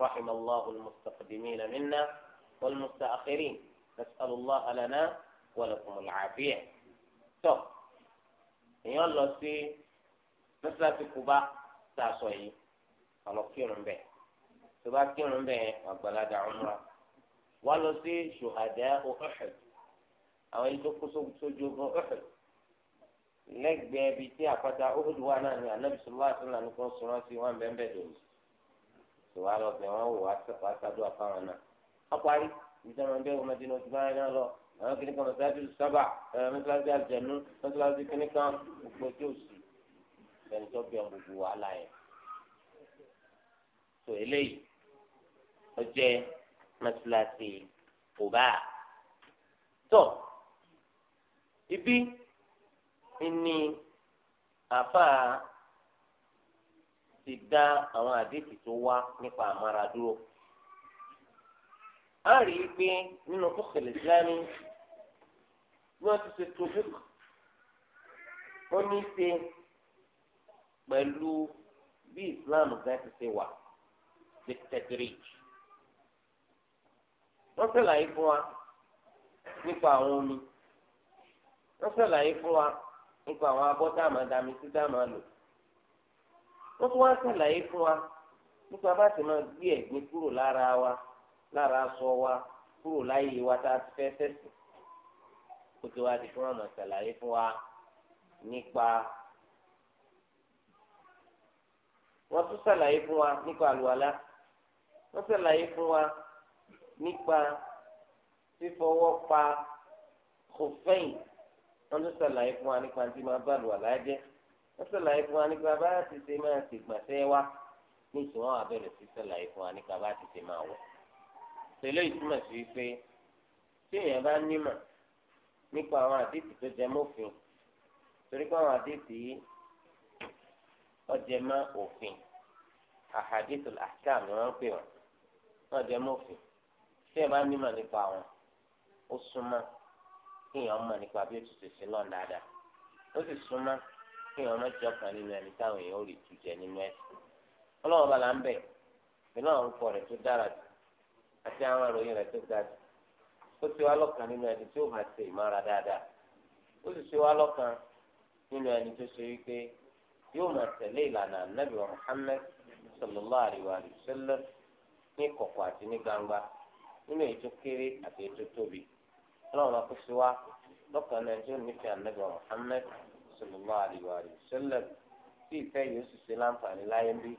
رحم الله المستقدمين منا والمستأخرين نسأل الله لنا ولكم العافية طب يلا سي مثل في كوبا تاسوي أنا كيرن به كوبا كيرن به وبلاد عمره ولو سي شهداء أحد أو يدكسوا سجود أحد lẹ́gbẹ̀ẹ́ ibi tí àpáta óhùdù wà náà ni anabi sọlá àtúnlá ní kò sọ̀rọ̀ sí wọn bẹ́ẹ̀ bẹ́ẹ̀ dòní tòwá lọ bẹ̀ wọ́n wò wá sẹ́pà sádùn àfáwọn náà ọparí ìjọba máa ń bẹ́ẹ̀ wọ́n mẹ́tẹ́ni oṣù báyìí náà lọ àwọn kìnnì kan mọ̀sáájú sábà mọ́sáájú àjẹnú mọ́sáájú kìnnì kan gbogbo tí ò sí ẹni tó bẹ̀ gbogbo wàhálà yẹn tó eléyìí ó jẹ́ kò bá tó ibi ní àfa ti dá àwọn àdéhùn tó wá nípa àmàrà dúró. a rí i pé nínú kókèlè Ìsìlámù bí ti ṣe tó ó ní í ṣe pẹ̀lú bí Islam gan ti ṣe wà ní tẹ̀tẹ̀rìjì. wọ́n ṣàlàyé fún wa nípa àwọn omi wọ́n ṣàlàyé fún wa nípa àwọn abọ́ tá a máa dami sí tá a máa lò wọ́n tún wá sàlàyé fún wa nípa bá ti máa gbé ẹ̀gbin kúrò lára wa lára aṣọ wa kúrò láyé wa tá a ti fẹ́ sẹ̀sìn kó tó wá di fún wa máa sàlàyé fún wa nípa wọ́n tún sàlàyé fún wa nípa àlùwàlá wọ́n sàlàyé fún wa nípa fífọwọ́ pa kòfẹ́yìn wọ́n tún sàlàyé fún wa nípa tí máa bá lù àlàjẹ́ wọ́n sàlàyé fún wa nípa bá ti ṣe máa ṣe gbàṣẹ́ wa ní ìṣòwò àwọn abẹ́rẹ́ sí sàlàyé fún wa nípa bá ti ṣe máa wọ̀. tẹ̀lé ìtumọ̀ sí pé tí èèyàn bá nímọ̀ nípa àwọn àdéhùn tó jẹ mọ́fin torí pé àwọn àdéhùn yìí wọ́n jẹ mọ́ òfin àhàdéhùn àṣàm ni wọ́n ń pè wọ́n wọ́n mọ́fin tí èèyàn bá nímọ̀ nípa wọn ó súnmọ́ kéèyàn ya nípa bí ó ti ṣe ṣe lọ́n dáadáa ó sì súnmọ́ kéèyàn má kan nínú ẹni táwọn èèyàn ò lè tù jẹ nínú ẹ̀sìn ọlọ́run bá la ń bẹ̀ pẹ̀lú àwọn orúkọ rẹ̀ tó dára jù àti àwọn ìròyìn rẹ̀ tó ga jù ti wá nínú ẹni tí ó máa ṣe ìmọ̀ra dáadáa ó sì ṣe nínú ẹni tó ṣe wípé yóò máa tẹ̀lé ìlànà àti ní gbangba nínú èyí kéré àti èyí tóbi. ọlọ́run bá kó sí wa lọ́kàn náà tí ó nífẹ̀ẹ́ ànágbà Muhammad sallallahu alaihi wa sallam tí ìfẹ́ yóò sì ṣe láǹfààní láyé bí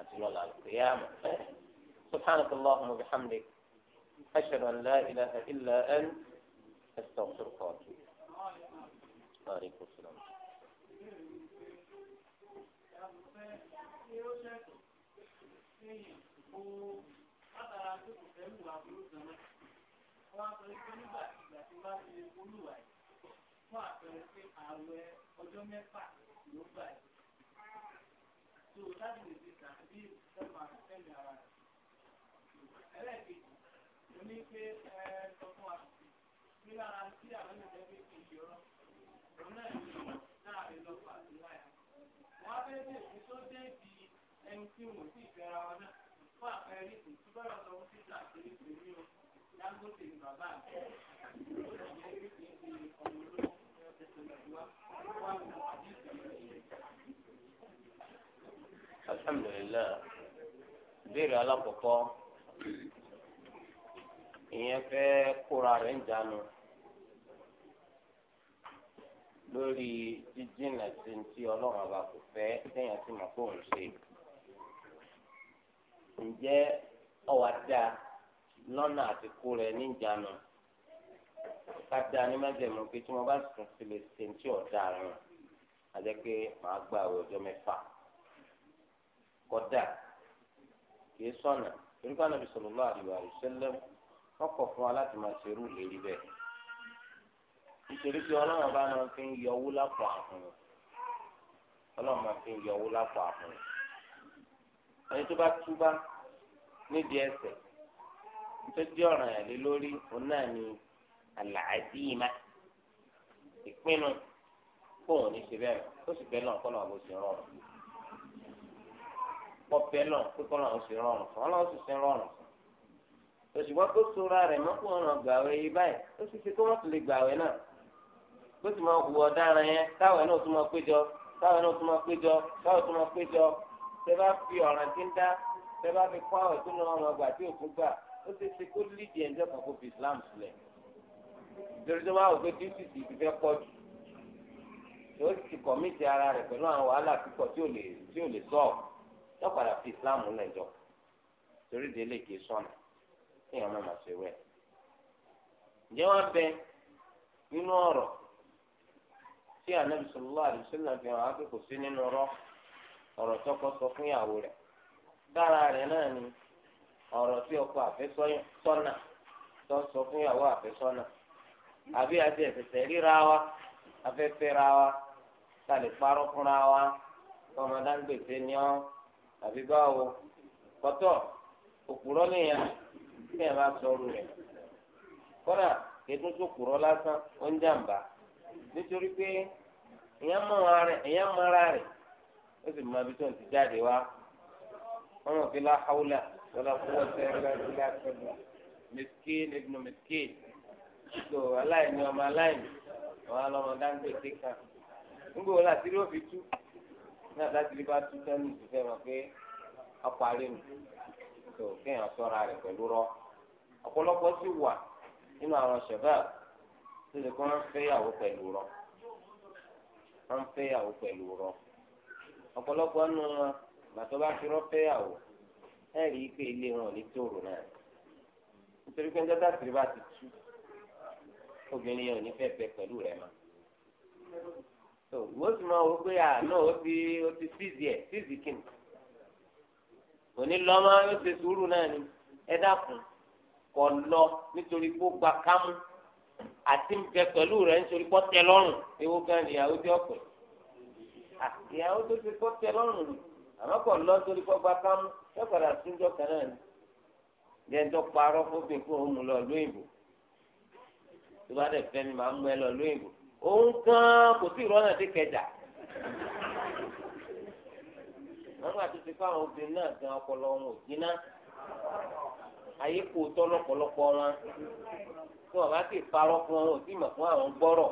àti lọ́la àlùkìyàmù. سبحانك اللهم وبحمدك أشهد أن لا إله إلا أنت أستغفرك وأتوب عليكم السلام Thank you. wọ́n sọ pé nígbà ìgbà tí wọ́n ti olúwa yìí fún àpẹẹrẹ pé ààwẹ̀ ọjọ́ mẹ́fà ló gbà yìí. tó o láti lè fi tàn bí ìfẹ́mà fẹ́mi ara rẹ̀. ẹlẹ́ẹ̀kejì mo ní pé ẹ sọ fún wa pé lára tí àwọn ènìyàn fi fi yọrọ òun náà ní láàrin lọ́pọ̀ àti láyà. wọ́n á fẹ́ bèèrè tó dé di ẹni tí wọ́n ti fẹ́ra wọn náà fún àpẹẹrẹ ìtìsíbọ̀rọ̀ sọ fún títà àti ìpè ní o alhamdulilayi ìbéèrè alákọ̀ọ́kọ́ ìyẹn fẹ́ kóra rẹ̀ ń jánu lórí jíjìnà sí ti ọlọ́run ọba kò fẹ́ lẹ́yìn tí màá kó òun ṣe ǹjẹ́ ọwọ́ dáa. lọ́nà àtikó rẹ̀ níjànú káda ní májèmú pé tí wọ́n bá sùn sí lè ṣe ní tí ọ̀dà rẹ̀ jẹ́ pé màá gba àwọn ọjọ́ mẹ́fà kọ́dà kìí sọ̀nà orúkọ fún wa láti máa bẹ́ẹ̀ nítorí pé ọlọ́run bá máa fi ń yọ owó tó jẹ́ ọ̀ràn yẹn lé lórí òun náà ni àlàáfíìmá ìpinnu fóun ní ṣe bẹ́ẹ̀ ó sì bẹ́ẹ̀ náà kọ́ náà bó ṣe rọrùn kọ́ bẹ́ẹ̀ náà pé kọ́ náà ó ṣe rọrùn fún ọ́n náà ó sì ṣe rọrùn òṣùwọ́n tó sora rẹ̀ mọ́ kó ọ̀nà gbàwé yìí báyìí ó sì ṣe kó wọ́n tún lè gbàwé náà bó sì máa wù ọ̀daràn yẹn táwọn náà tún máa péjọ táwọn náà tún máa péjọ táwọn tún máa péjọ tẹ bá fi ọ̀ràn tí ń dá tẹ bá fi kọ́ àwọn tó lọ́wọ́ gbà tí òkú gbà ó ti ṣe kó lídìí ẹ̀ńdẹ́ kan kó fi islam sílẹ̀ nítorí tó máa wò pé díútì ti ti fẹ́ pọ̀ jù tí ó ti kọ̀mìtì ara rẹ̀ pẹ̀lú àwọn wàhálà púpọ̀ tí ò lè tí ò lè sọ ọ́ yóò padà fi islam lẹ́jọ́ torí délé kì í sọnù kéèyàn má máa ṣe wẹ̀. ǹjẹ́ wọ́n bẹ nínú ọ̀rọ̀ tí anabi sọlọ́ àdìsílẹ̀ fi hàn ákẹ́kọ̀ọ́ sí nínú ọ̀rọ̀ ọ̀rọ̀ tọkọ sọ fún ìyàwó rẹ̀ dára rẹ̀ náà ni. ọ̀rọ̀ tí ọkọ àfẹ́sọ́nà tó sọ fún ìyàwó àfẹ́sọ́nà àbí àti ẹ̀sẹ̀sẹ̀ ríra wa wa tá a lè parọ́ fúnra wa tọmọdáńgbèsè ni ọ́ àbí báwo kọ́tọ̀ òpùrọ́ nìyẹn kí ẹ̀ máa sọ̀rọ̀ rẹ̀ kọ́dà ètò tó kùrọ́ lásán ó ń jàǹbá nítorí pé mọ ara rẹ̀ ó sì ibi tó ń ti jáde wá ولا قوة إلا بالله مسكين ابن مسكين so aláìní ọmọ aláìní àwọn alọmọ dáńgbé kéka ńgbò wọn láti rí òfin tú ní àtàkìlì bá tú sẹ́nu ìfẹ́ wọn pé ọkọ̀ àárẹ̀ nù so kéèyàn sọ́ra rẹ̀ pẹ̀lú rọ ọ̀pọ̀lọpọ̀ sì wà nínú àwọn ṣẹ̀fà tó lè kó wọn fẹ́yàwó pẹ̀lú rọ wọn fẹ́yàwó pẹ̀lú rọ ọ̀pọ̀lọpọ̀ nù wọn ẹ rí i pé ilé wọn ò lè tóòrò náà nítorí pé ńdọ́tà tìrì bá ti tú obìnrin yẹn ò ní fẹ́ bẹ pẹ̀lú rẹ̀ mọ́ tó wọ́n sì máa wọ pé à ah, náà ó ti ó ti fíìsì ẹ̀ fíìsì kìnnì òní lọ́mọ ó ti sùúrù náà ni ẹ dákun kọ lọ nítorí pé ó gba kámú àti ń bẹ pẹ̀lú rẹ̀ nítorí pé ó tẹ lọ́rùn ewu kan ìyàwó tí ó pẹ̀ ah, ìyàwó tó ti kọ́ tẹ lọ́rùn àmọ́ kọ lọ nítorí pé ó gba kámú tọ́kadà túnjọ́ kan náà ni jẹ́ńtọ́ parọ́ fóbìn kó òun mú lọ lóyìnbó tó bá dẹ̀ fẹ́ mi máa mú ẹ lọ lóyìnbó òun kan kò sí ìrọ́nà tí kẹjà màmá tó ti fáwọn obìnrin náà gan ọpọlọ wọn ò jiná ayé kò tọ́ lọ́pọ̀lọpọ̀ wọn tí wọn bá sì parọ́ fún wọn ò sì mọ̀ fún àwọn gbọ́rọ̀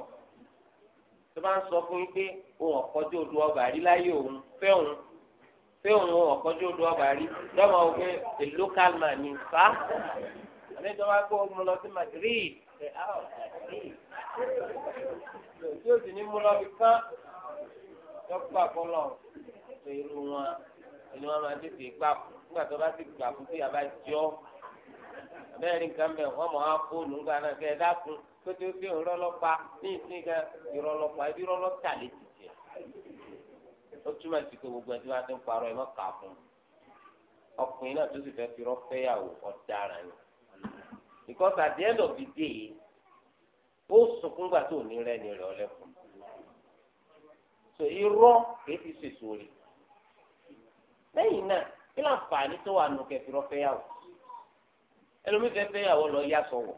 tó bá ń sọ fún yín pé òun ọ̀kọ́jọ́ odò ọba àríláyé òun fẹ́ òun pé òun ọ̀kọ́jú odò ọba rí lọ́mọ wò pé the local man ní fa àlejò wa kó mu lọ sí Madrid ẹ̀ á ọ̀ Madrid tí o sì ní mu lọ bí kán lọ́pọ̀ àkọlọ̀ pé irú wọn ẹni wọn máa tètè gbà nígbà tó bá ti gbà fún sí àbá jọ bẹ́ẹ̀ ni nǹkan bẹ̀ wọ́n mọ̀ á kó nùgbà náà kẹ́ ẹ dákun pé tí o fi òun rọ́lọ́pàá ní ìsìn kan ìrọ̀lọ́pàá ibi rọ́lọ́ tà létí ó túmọ̀ sí pé gbogbo ẹni tí ti ń parọ́ ẹ kà fún un ọkùnrin náà tó sì fẹ́ fi rọ́fẹ́ yàwó ọ̀daràn ni because at the end of the day ó sunkún gbà tó ní rẹ́ni rẹ̀ ọlẹ́kùn so irọ́ kìí ti ṣe sórí lẹ́yìn náà kí láǹfààní tó wà nù kẹfì rọ́fẹ́ yàwó ẹlòmíì fẹ́ fẹ́ yàwó lọ yá sọ̀wọ́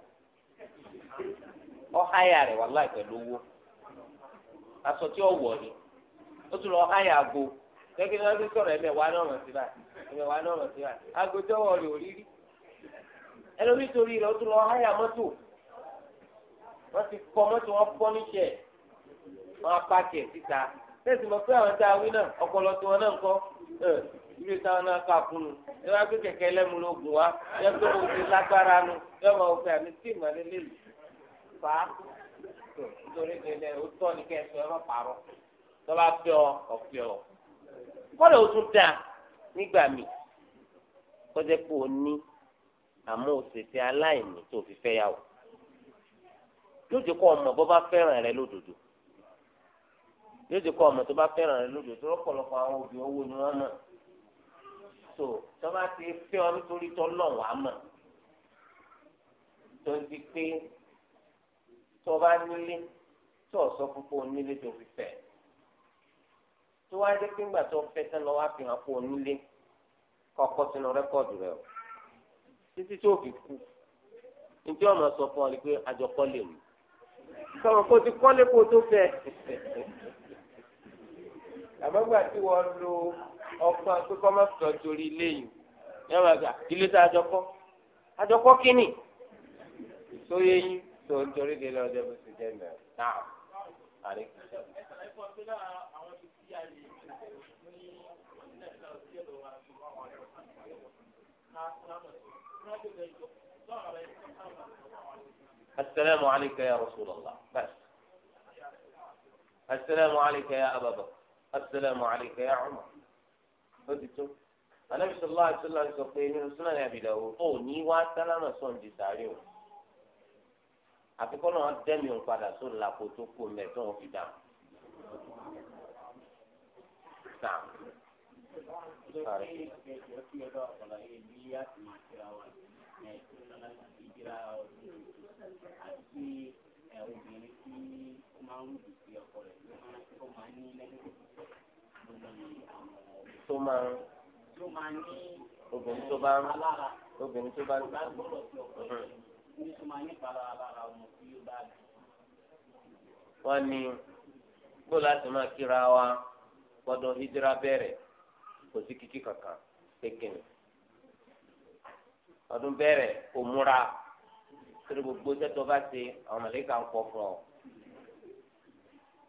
ọ̀háyà rẹ̀ wà láì pẹ̀lú owó aṣọ tí ni ó tún lọ háyà àgò gẹ́gẹ́ bí wọ́n ti sọ̀rọ̀ ẹ̀mẹ̀ wá náà mọ̀ sí báyìí ẹ̀mẹ̀ wá náà mọ̀ sí báyìí àgò jọ́wọ́ rẹ̀ ò rí rí ẹlòmí torí rẹ̀ ó tún lọ háyà mọ́tò wọ́n ti kọ́ mọ́tò wọn pọ́ níṣẹ́ wọn apákì ẹ̀ síta tẹ̀sí mọ̀ pé àwọn tá a wí náà ọpọlọ tiwọn náà ń kọ́ ilé táwọn náà kà fún un ẹ wá gbé kẹ̀kẹ́ lẹ́mu lóògùn wa yẹ kó o ti lágbára nu yọ máa fẹ́ àmì tí ìmọ̀lẹ́lẹ́ yìí fà á nítorí ìdílé ó tọ́ ni kẹ́ ẹ sọ ẹ má pààrọ̀ tọ́ba fẹ́ ọ ọ̀fẹ́ ọ kọ́lẹ̀ o tún dà nígbà mi kọjá pé o ní àmọ́ òṣèṣe aláìní tó fi fẹ́ yà wò lóde kọ́ ọmọ bọ́ bá fẹ́ràn rẹ lódodo lóde kọ́ ọmọ tó bá fẹ́ràn rẹ lódodo lọ́pọ̀lọpọ̀ àwọn òbí owó ni wọ́n mọ̀ tó tọ́ba ti fẹ́ ọ nítorí tọ́lọ́wọ́ á mọ̀ tó ń di pé tọ́ba nílé tó ọ̀sọ́ púpọ̀ nílé tó fi fẹ́ tó wá dé pé ńgbà tó fẹ́ tán lọ wá fi hàn fún onílé kọ́kọ́ sínú rẹ́kọ̀dù rẹ o títí tó fi kú njẹ́ ọ̀nà sọ fún ọ ni pé àjọkọ́ lè mú sọ̀rọ̀ kó ti kọ́lé kó tó fẹ́ àmọ́ gbà tí wọ́n lo ọgbọ́n pé kọ́ má sọ torí ilé yìí yẹ́n máa gbà ilé tá a jọ kọ́ a jọ kọ́ kínní sóyè yín tó ń torí délé ọjọ́ bó ti jẹ́ náà السلام عليك يا رسول الله بس السلام عليك يا أبا بكر السلام عليك يا عمر فدتم النبي صلى الله عليه وسلم يقول من سنن أبي داود أو نيوا سلام سون جساريو àfikún náà dẹ́mi ń padà sóò làpò tó kú mẹ́ tó a ti máa kíra wa ẹ̀ ìdíra ọdún àti obìnrin tí ó máa ń rúbi sí ọkọ rẹ̀ tí ó máa ní lẹ́gbẹ̀ẹ́ lórí àwọn tó máa ń tó máa ní obìnrin tó bá ń obìnrin tó bá ń bá gbọ́dọ̀ sí ọkọ rẹ̀ ní tó máa ní ìpara lára ọmọ tí ó bá bí. wọ́n ní kó láti máa kíra wa gbọ́dọ̀ hídírà bẹ̀rẹ̀ kò sí kíkí kankan pékin ọdún bẹ̀rẹ̀ kò múra torí gbogbo tẹ́tọ́ bá ṣe àwọn mọ̀lẹ́kà ń pọ̀ fún ọ.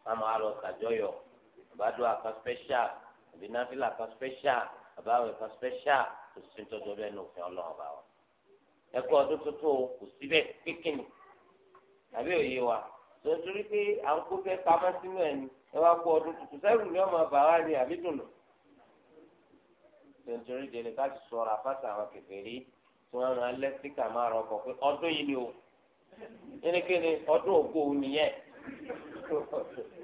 a máa lọ sàjọyọ̀ àbádọ́ àka special àbí náfìlà àka special àbáwẹ̀ àka special kò sí tọ́jú ọbẹ̀ ní òfin ọlọ́run bá wa. ẹ̀kọ́ ọdún tuntun kò síbẹ̀ kíkìnì àbí òye wa tó torí pé à ń kó fẹ́ pamọ́ sínú ẹ̀ ni ẹ wá kó ọdún tuntun sẹ́rù ni ọmọ bàbá ni àbí dùnú. tó ń torí délé ká ti sọ̀rọ̀ àfáàsà àwọn kèfèrí tí wọ́n rán lẹ́síkà máa rọ ọkọ̀ pé ọdún yìí ni o ẹni kí ni ọdún ògo nìyẹn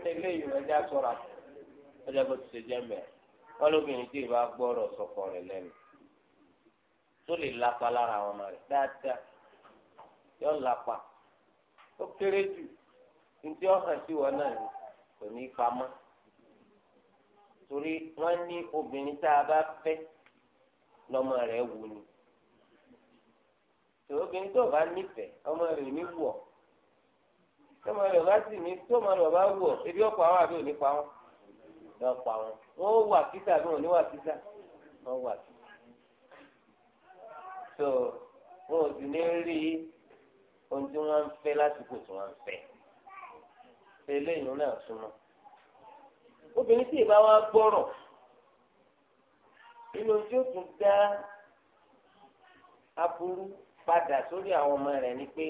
eléyìí wọ́n já sọ̀rọ̀ ọjà bó ti ṣe jẹ́ mẹ́ẹ̀ wọ́n lóbìnrin tí ìbá gbọ́rọ̀ sọ̀kọ̀ rẹ̀ lẹ́nu tó lè lapa lára àwọn ọmọ rẹ̀ dáadáa yọ lapa ó kéré jù ntí ọ̀hàn sí wọn náà kò ní í pamọ́ torí wọ́n ní obìnrin tá a bá fẹ́ lọ́mọ rẹ̀ wù ni tòwóbìnrin tó bá nífẹ̀ẹ́ ọmọ rẹ̀ ní wọ̀ tọmọ rẹ̀ bá sì ní tọmọ rẹ̀ bá wọ̀ ebi ọ̀pọ̀ àwọn àbí òní pa wọn lọ pa wọn wọn ó wà kíta àbí òní wà kíta wọn wà kíta so wọn ò sì ní rí ohun tí wọn ń fẹ́ lásìkò tí wọn ń fẹ́ eléyìí náà súnmọ́ obìnrin tí ìbá wa gbọ́rọ̀ nínú tí ó tún dá aburú padà sórí àwọn ọmọ rẹ̀ ni pé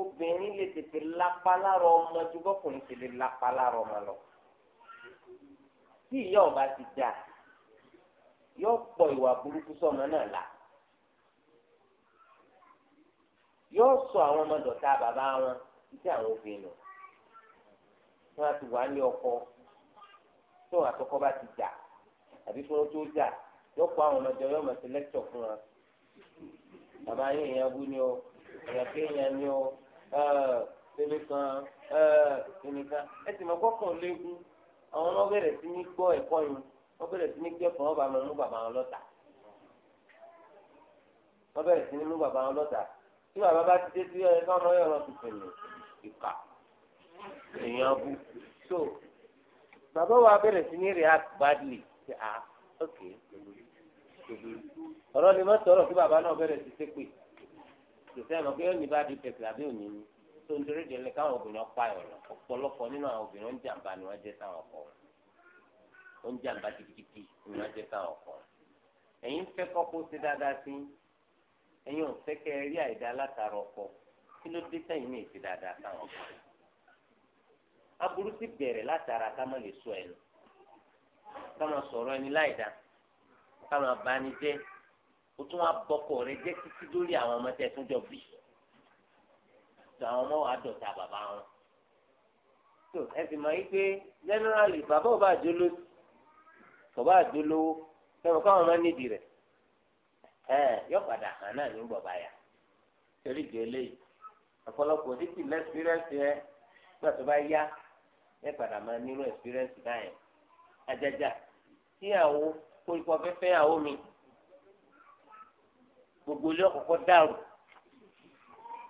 obìnrin lè tètè lápá lára ọmọ ju bọ́kùnrin ti lè lápá lára ọmọ lọ. tí ìyá ọba ti dà yóò pọ̀ ìwà burúkú sọ́mọ náà la yóò sọ àwọn ọmọ dọ̀tá bàbá wọn títí àwọn obìnrin wọn á ti wà ní ọkọ tó àtọkọ bá ti dà àbí fún wọn tó dà yóò kó àwọn ọmọdé yóò mọ̀ sí lẹ́kítọ̀ fún wọn bàbá yín èèyàn bú ni o èèyàn kéèyàn ni o tẹ́lẹ̀ kan ẹnìkan ẹ sì mọ kọ́kàn léegun àwọn ọmọ bẹ̀rẹ̀ sí ní gbọ́ ẹ̀kọ́ yẹn wọ́n bẹ̀rẹ̀ sí ní gbé ẹ̀kọ́ wọn bá mọ mú bàbá wọn lọ́tà wọ́n bẹ̀rẹ̀ sí ní mú bàbá wọn lọ́tà tí bàbá bá ti dé sí ẹ káwọn ọyọ ọ̀rọ̀ tuntun ní ìkà èèyàn bú so bàbá wa bẹ̀rẹ̀ sí ní react badly ṣe ah ok ọ̀rọ̀ ni wọ́n sọ̀rọ̀ kí bàbá náà bẹ̀rẹ̀ sí sépè kìsẹ́ ẹ̀ mọ̀ pé òní bá di tẹ̀sílẹ̀ àbí òní ni tó ń torí délé káwọn obìnrin ọ̀pá ẹ̀ ọ̀rọ̀ ọ̀pọ̀lọpọ̀ nínú àwọn obìnrin ń jàǹbá ni wọ́n jẹ́ sáwọn ọkọ wọn ó ń jàǹbá gidigidi ni wọ́n jẹ́ sáwọn ọkọ wọn ẹ̀yin fẹ́ kọ́kọ́ sí dáadáa sí ẹ̀yin ò fẹ́ kẹ́ rí àìdá látara ọkọ kí ló dé sẹ́yìn ní èsì dáadáa sáwọn ọkọ aburú sì bẹ̀rẹ̀ látara ká má lè sọ ẹnu ká má sọ̀rọ̀ ẹni láìdá ká má bá ní jẹ́ o tún wá bọkọ rẹ jẹ títí lórí àwọn ọmọ tẹ tún jọ bí tó àwọn ọmọ wa dọ̀tá bàbá wọn tó ẹ sì mọ wípé generally bàbá ò bá jóló kò bá jólówó fẹmi káwọn máa nídìí rẹ ẹ yọ padà hàn náà ní bọba yà torí di eléyìí ọ̀pọ̀lọpọ̀ títí lẹ́sìrẹ́sì ẹ gbà tó bá yá ẹ padà máa nírú ẹ̀sìrẹ́sì báyẹn ajájà tíyàwó kórìkọ fẹ́fẹ́ yàwó mi gbogbo ilé ọkọ̀ọ̀kọ̀ dàrú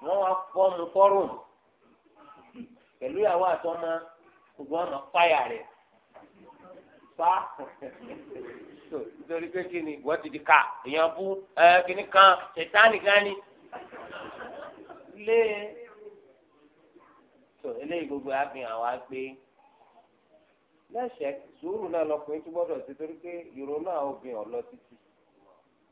wọ́n wá fọ́ọ̀mù fọ́rùn pẹ̀lú ìyàwó àtọ́mọ gbogbo ọ̀nà fáyà rẹ̀ fa nítorí pé kí ni ìwọ́ ti di ká èèyàn bú ẹ kíní kan ṣètánì gani lé tó eléyìí gbogbo àfihàn wa gbé lẹ́sẹ̀ sùúrù náà lọkùnrin tó gbọ́dọ̀ sí torí pé ìrònú àwọn obìnrin ọ̀ lọ títí.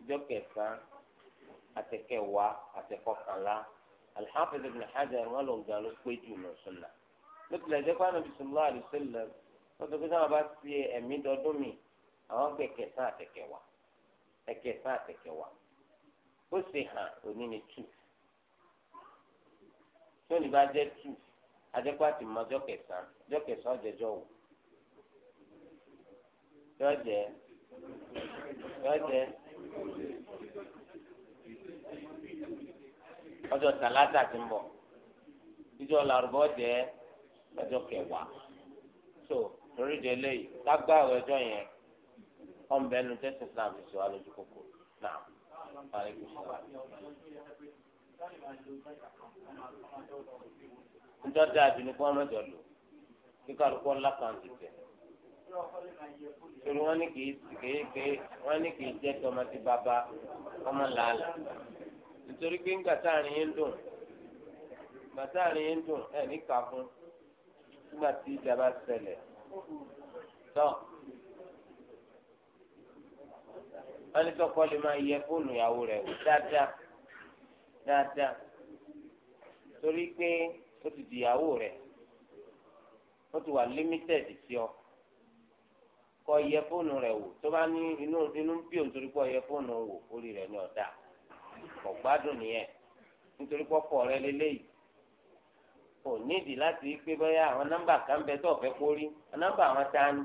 ọjọ́ kẹsàn-án àtẹkẹwàá àtẹkọkànlá Al-Hafiz Ibn Hajar wọn lọ gbà ló pé jù lọ sọlá lókè lẹjẹ pé Ànábì sallallahu alaihi wasallam wọn sọ pé táwọn bá ti ẹmí dọdún mi àwọn gbé kẹsàn-án àtẹkẹwàá ẹkẹsàn ó sì hàn òní ni tù tí òní bá jẹ tù adékọ́ àti mọ ọjọ́ kẹsàn-án ọjọ́ kẹsàn wò yọ jẹ ọjọ́ tàlátà ti ń bọ̀ ìjọ làrúbọ jẹ́ ọjọ́ kẹwàá so torí de lẹ́yìn lágbàwọ ẹjọ́ yẹn ọmọbẹnu tẹsán islam ti sọ alójú kòkó náà parí kò sọ. ńjọ́ dáa jù ní kí wọ́n mẹ́jọ lò kíkọ́ àlùkò ńlá kan ti tẹ̀. torí wọn ní kì í kéèké wọn ní kì í jẹ tọmọ ti bàbá ọmọ làálà nítorí pé ńgbà yín dùn yín dùn ẹ ní fún ńgbà tí ìjàmbá ṣẹlẹ̀ tọ wọn ní tọkọ lè máa yẹ fóònù ìyàwó wò dáadáa dáadáa torí ti di ìyàwó rẹ̀ ó wà límítẹ̀dì sí ọ. kọ yẹ fóònù wò tó bá ní inú inú bí òun torí pọ̀ yẹ fóònù wò orí ní nìyẹn nítorí rẹ lélẹ́yìí kò nídìí láti pé àwọn kan bẹ tó kórí àwọn wọn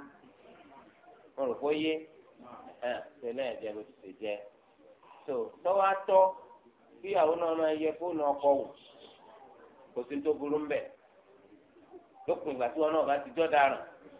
rò ẹ tẹ́lẹ̀ ẹjẹ ló ti ṣe jẹ tó tọwọ tọ kí àwọn náà yẹ fóònù ọkọ wò kò sí tó burú ń bẹ lópin ìgbà tí wọn náà bá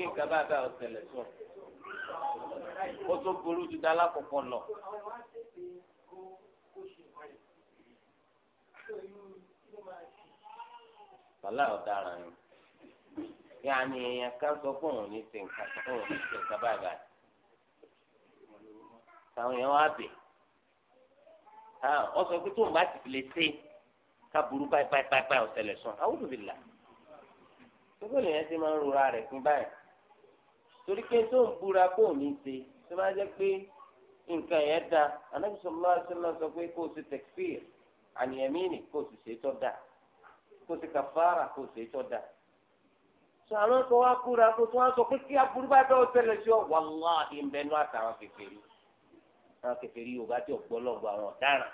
kí nǹkan bá bá ọ̀sẹ̀lẹ̀ sọ ó tó burú ju dá lákòókò lọ. bàlá ọ̀daràn ni yáà ni èèyàn kan sọ fún òun ní sèǹkà òun ní sèǹkà báyìí báyìí táwọn èèyàn wá bẹ̀ ọ sọ pé tóun bá ti fi lè ṣe ká burú báyìí báyìí báyìí ọ̀sẹ̀lẹ̀ sàn àwọn olùbìlà gbogbo èèyàn ti máa ń rora rẹ̀ fún báyìí torí pé tó ń búra kó ní ṣe tó bá jẹ́ pé nǹkan yẹn da anabi sallallahu alaihi wasallam sọ pé kó o ṣe takfir an yamini kó o sì ṣe tó da kó o ṣe kàfàrà kó o ṣe tó da sọ àwọn kan wá kúra kó tó wá sọ pé kí aburú bá bẹ́ẹ̀ ó tẹ̀lé sí ọ wàláhì ń bẹnu àtàwọn kékeré àwọn kékeré yóò bá tí ò àwọn ọ̀daràn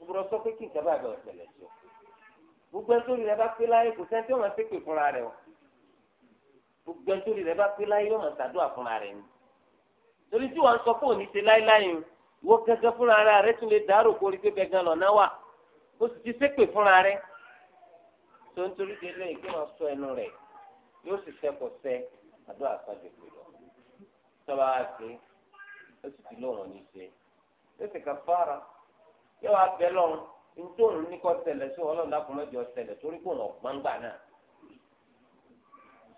gbọ́dọ̀ sọ pé kí nǹkan bá bẹ́ẹ̀ ó sí ọ gbogbo ẹni gbogbo ẹni tó rí rẹ bá pé láyé yóò máa ṣàdúrà fúnra rẹ ni torí tí wọn sọ pé òní ṣe láéláé o ìwọ gẹ́gẹ́ fúnra rẹ rẹ tún lè dárò kó rí pé gẹ́gẹ́ lọ́nà wà ó sì ti ṣépè fúnra rẹ tó ń torí de lẹ́yìn kí wọn sọ ẹnu rẹ yóò sì sẹkọ sẹ àdúrà sọjọ pé lọ tọba wa ṣe ó sì ti lóhùn ní ṣe ó sì kà fara yóò wá bẹ lọrun nítorí ní kò tẹ́lẹ̀ sí Ọlọ́run lákùnrin ọjọ́ tẹ́lẹ̀ torí kò wọn gbangba náà.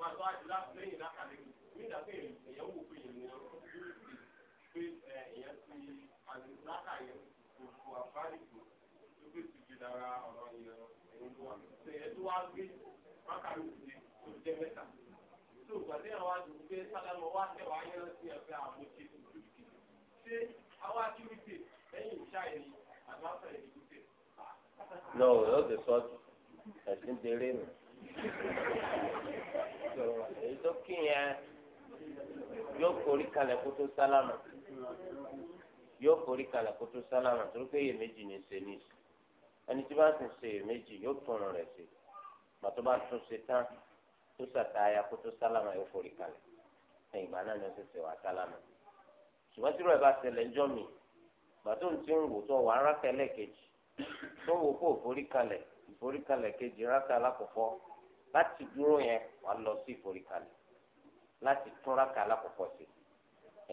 máa tó àti lẹ́yìn lákàlẹ́ ní ìdásẹ́ èèyàn wò pé èèyàn wọ́n pé èèyàn ti àti lákà yẹn kò àǹfààní kò tó pé ti fi dára ọ̀rọ̀ yẹn ẹ̀yìn tó wà. èèyàn tó wá gbé lákàlẹ́ òkúté tó jẹ́ mẹ́ta. tó gbàdé àwọn àdùnkú pé sálámọ̀ wá tẹ̀wá yẹn sí ẹ̀fẹ́ àmójútó ṣé àwọn akíwìtì lẹ́yìn ìṣá ẹ̀yìn àgbáfẹ́ ìdíkùtì. lọ́wọ́ yóò ti èyí tó kí yẹn yóò forí kalẹ̀ kó tó sálámà yóò forí kalẹ̀ kó tó sálámà torí pé iyèméjì ní ṣe ní ẹni tí bá sì ń ṣe iyèméjì yóò tún rẹ̀ sí pàtó bá tún ṣe tán tó sàtáyà kó tó sálámà yóò forí kalẹ̀ ẹ̀yìn ìgbà náà ni ó ti ṣe wà sálámà ṣùgbọ́n tí rẹ̀ bá ṣẹlẹ̀ ńjọ́ mi gbàtó ti ń wò tó wà á rákẹ́lẹ̀ kejì tó wò kó forí kalẹ̀ forí kalẹ̀ kejì rákẹ́ alákọ̀ọ́kọ́ láti dúró yẹn wà lọ sí ìforíkalẹ̀ láti tún rákà alákọ̀ọ́kọ́ sí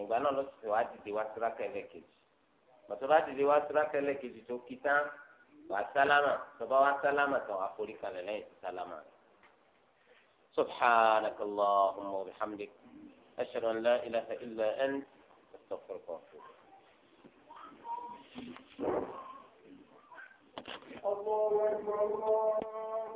ìgbà náà lọ sí wàá dìde wá sí rákà ẹlẹ́kejì bàtọ́ bá dìde wá sí rákà ẹlẹ́kejì tó kí tán wà á sálámà tọ́ba wá sálámà tán wà á foríkalẹ̀ lẹ́yìn sí sálámà rẹ̀. سبحانك اللهم وبحمدك أشهد أن لا إله إلا أنت أستغفرك وأتوب الله أكبر الله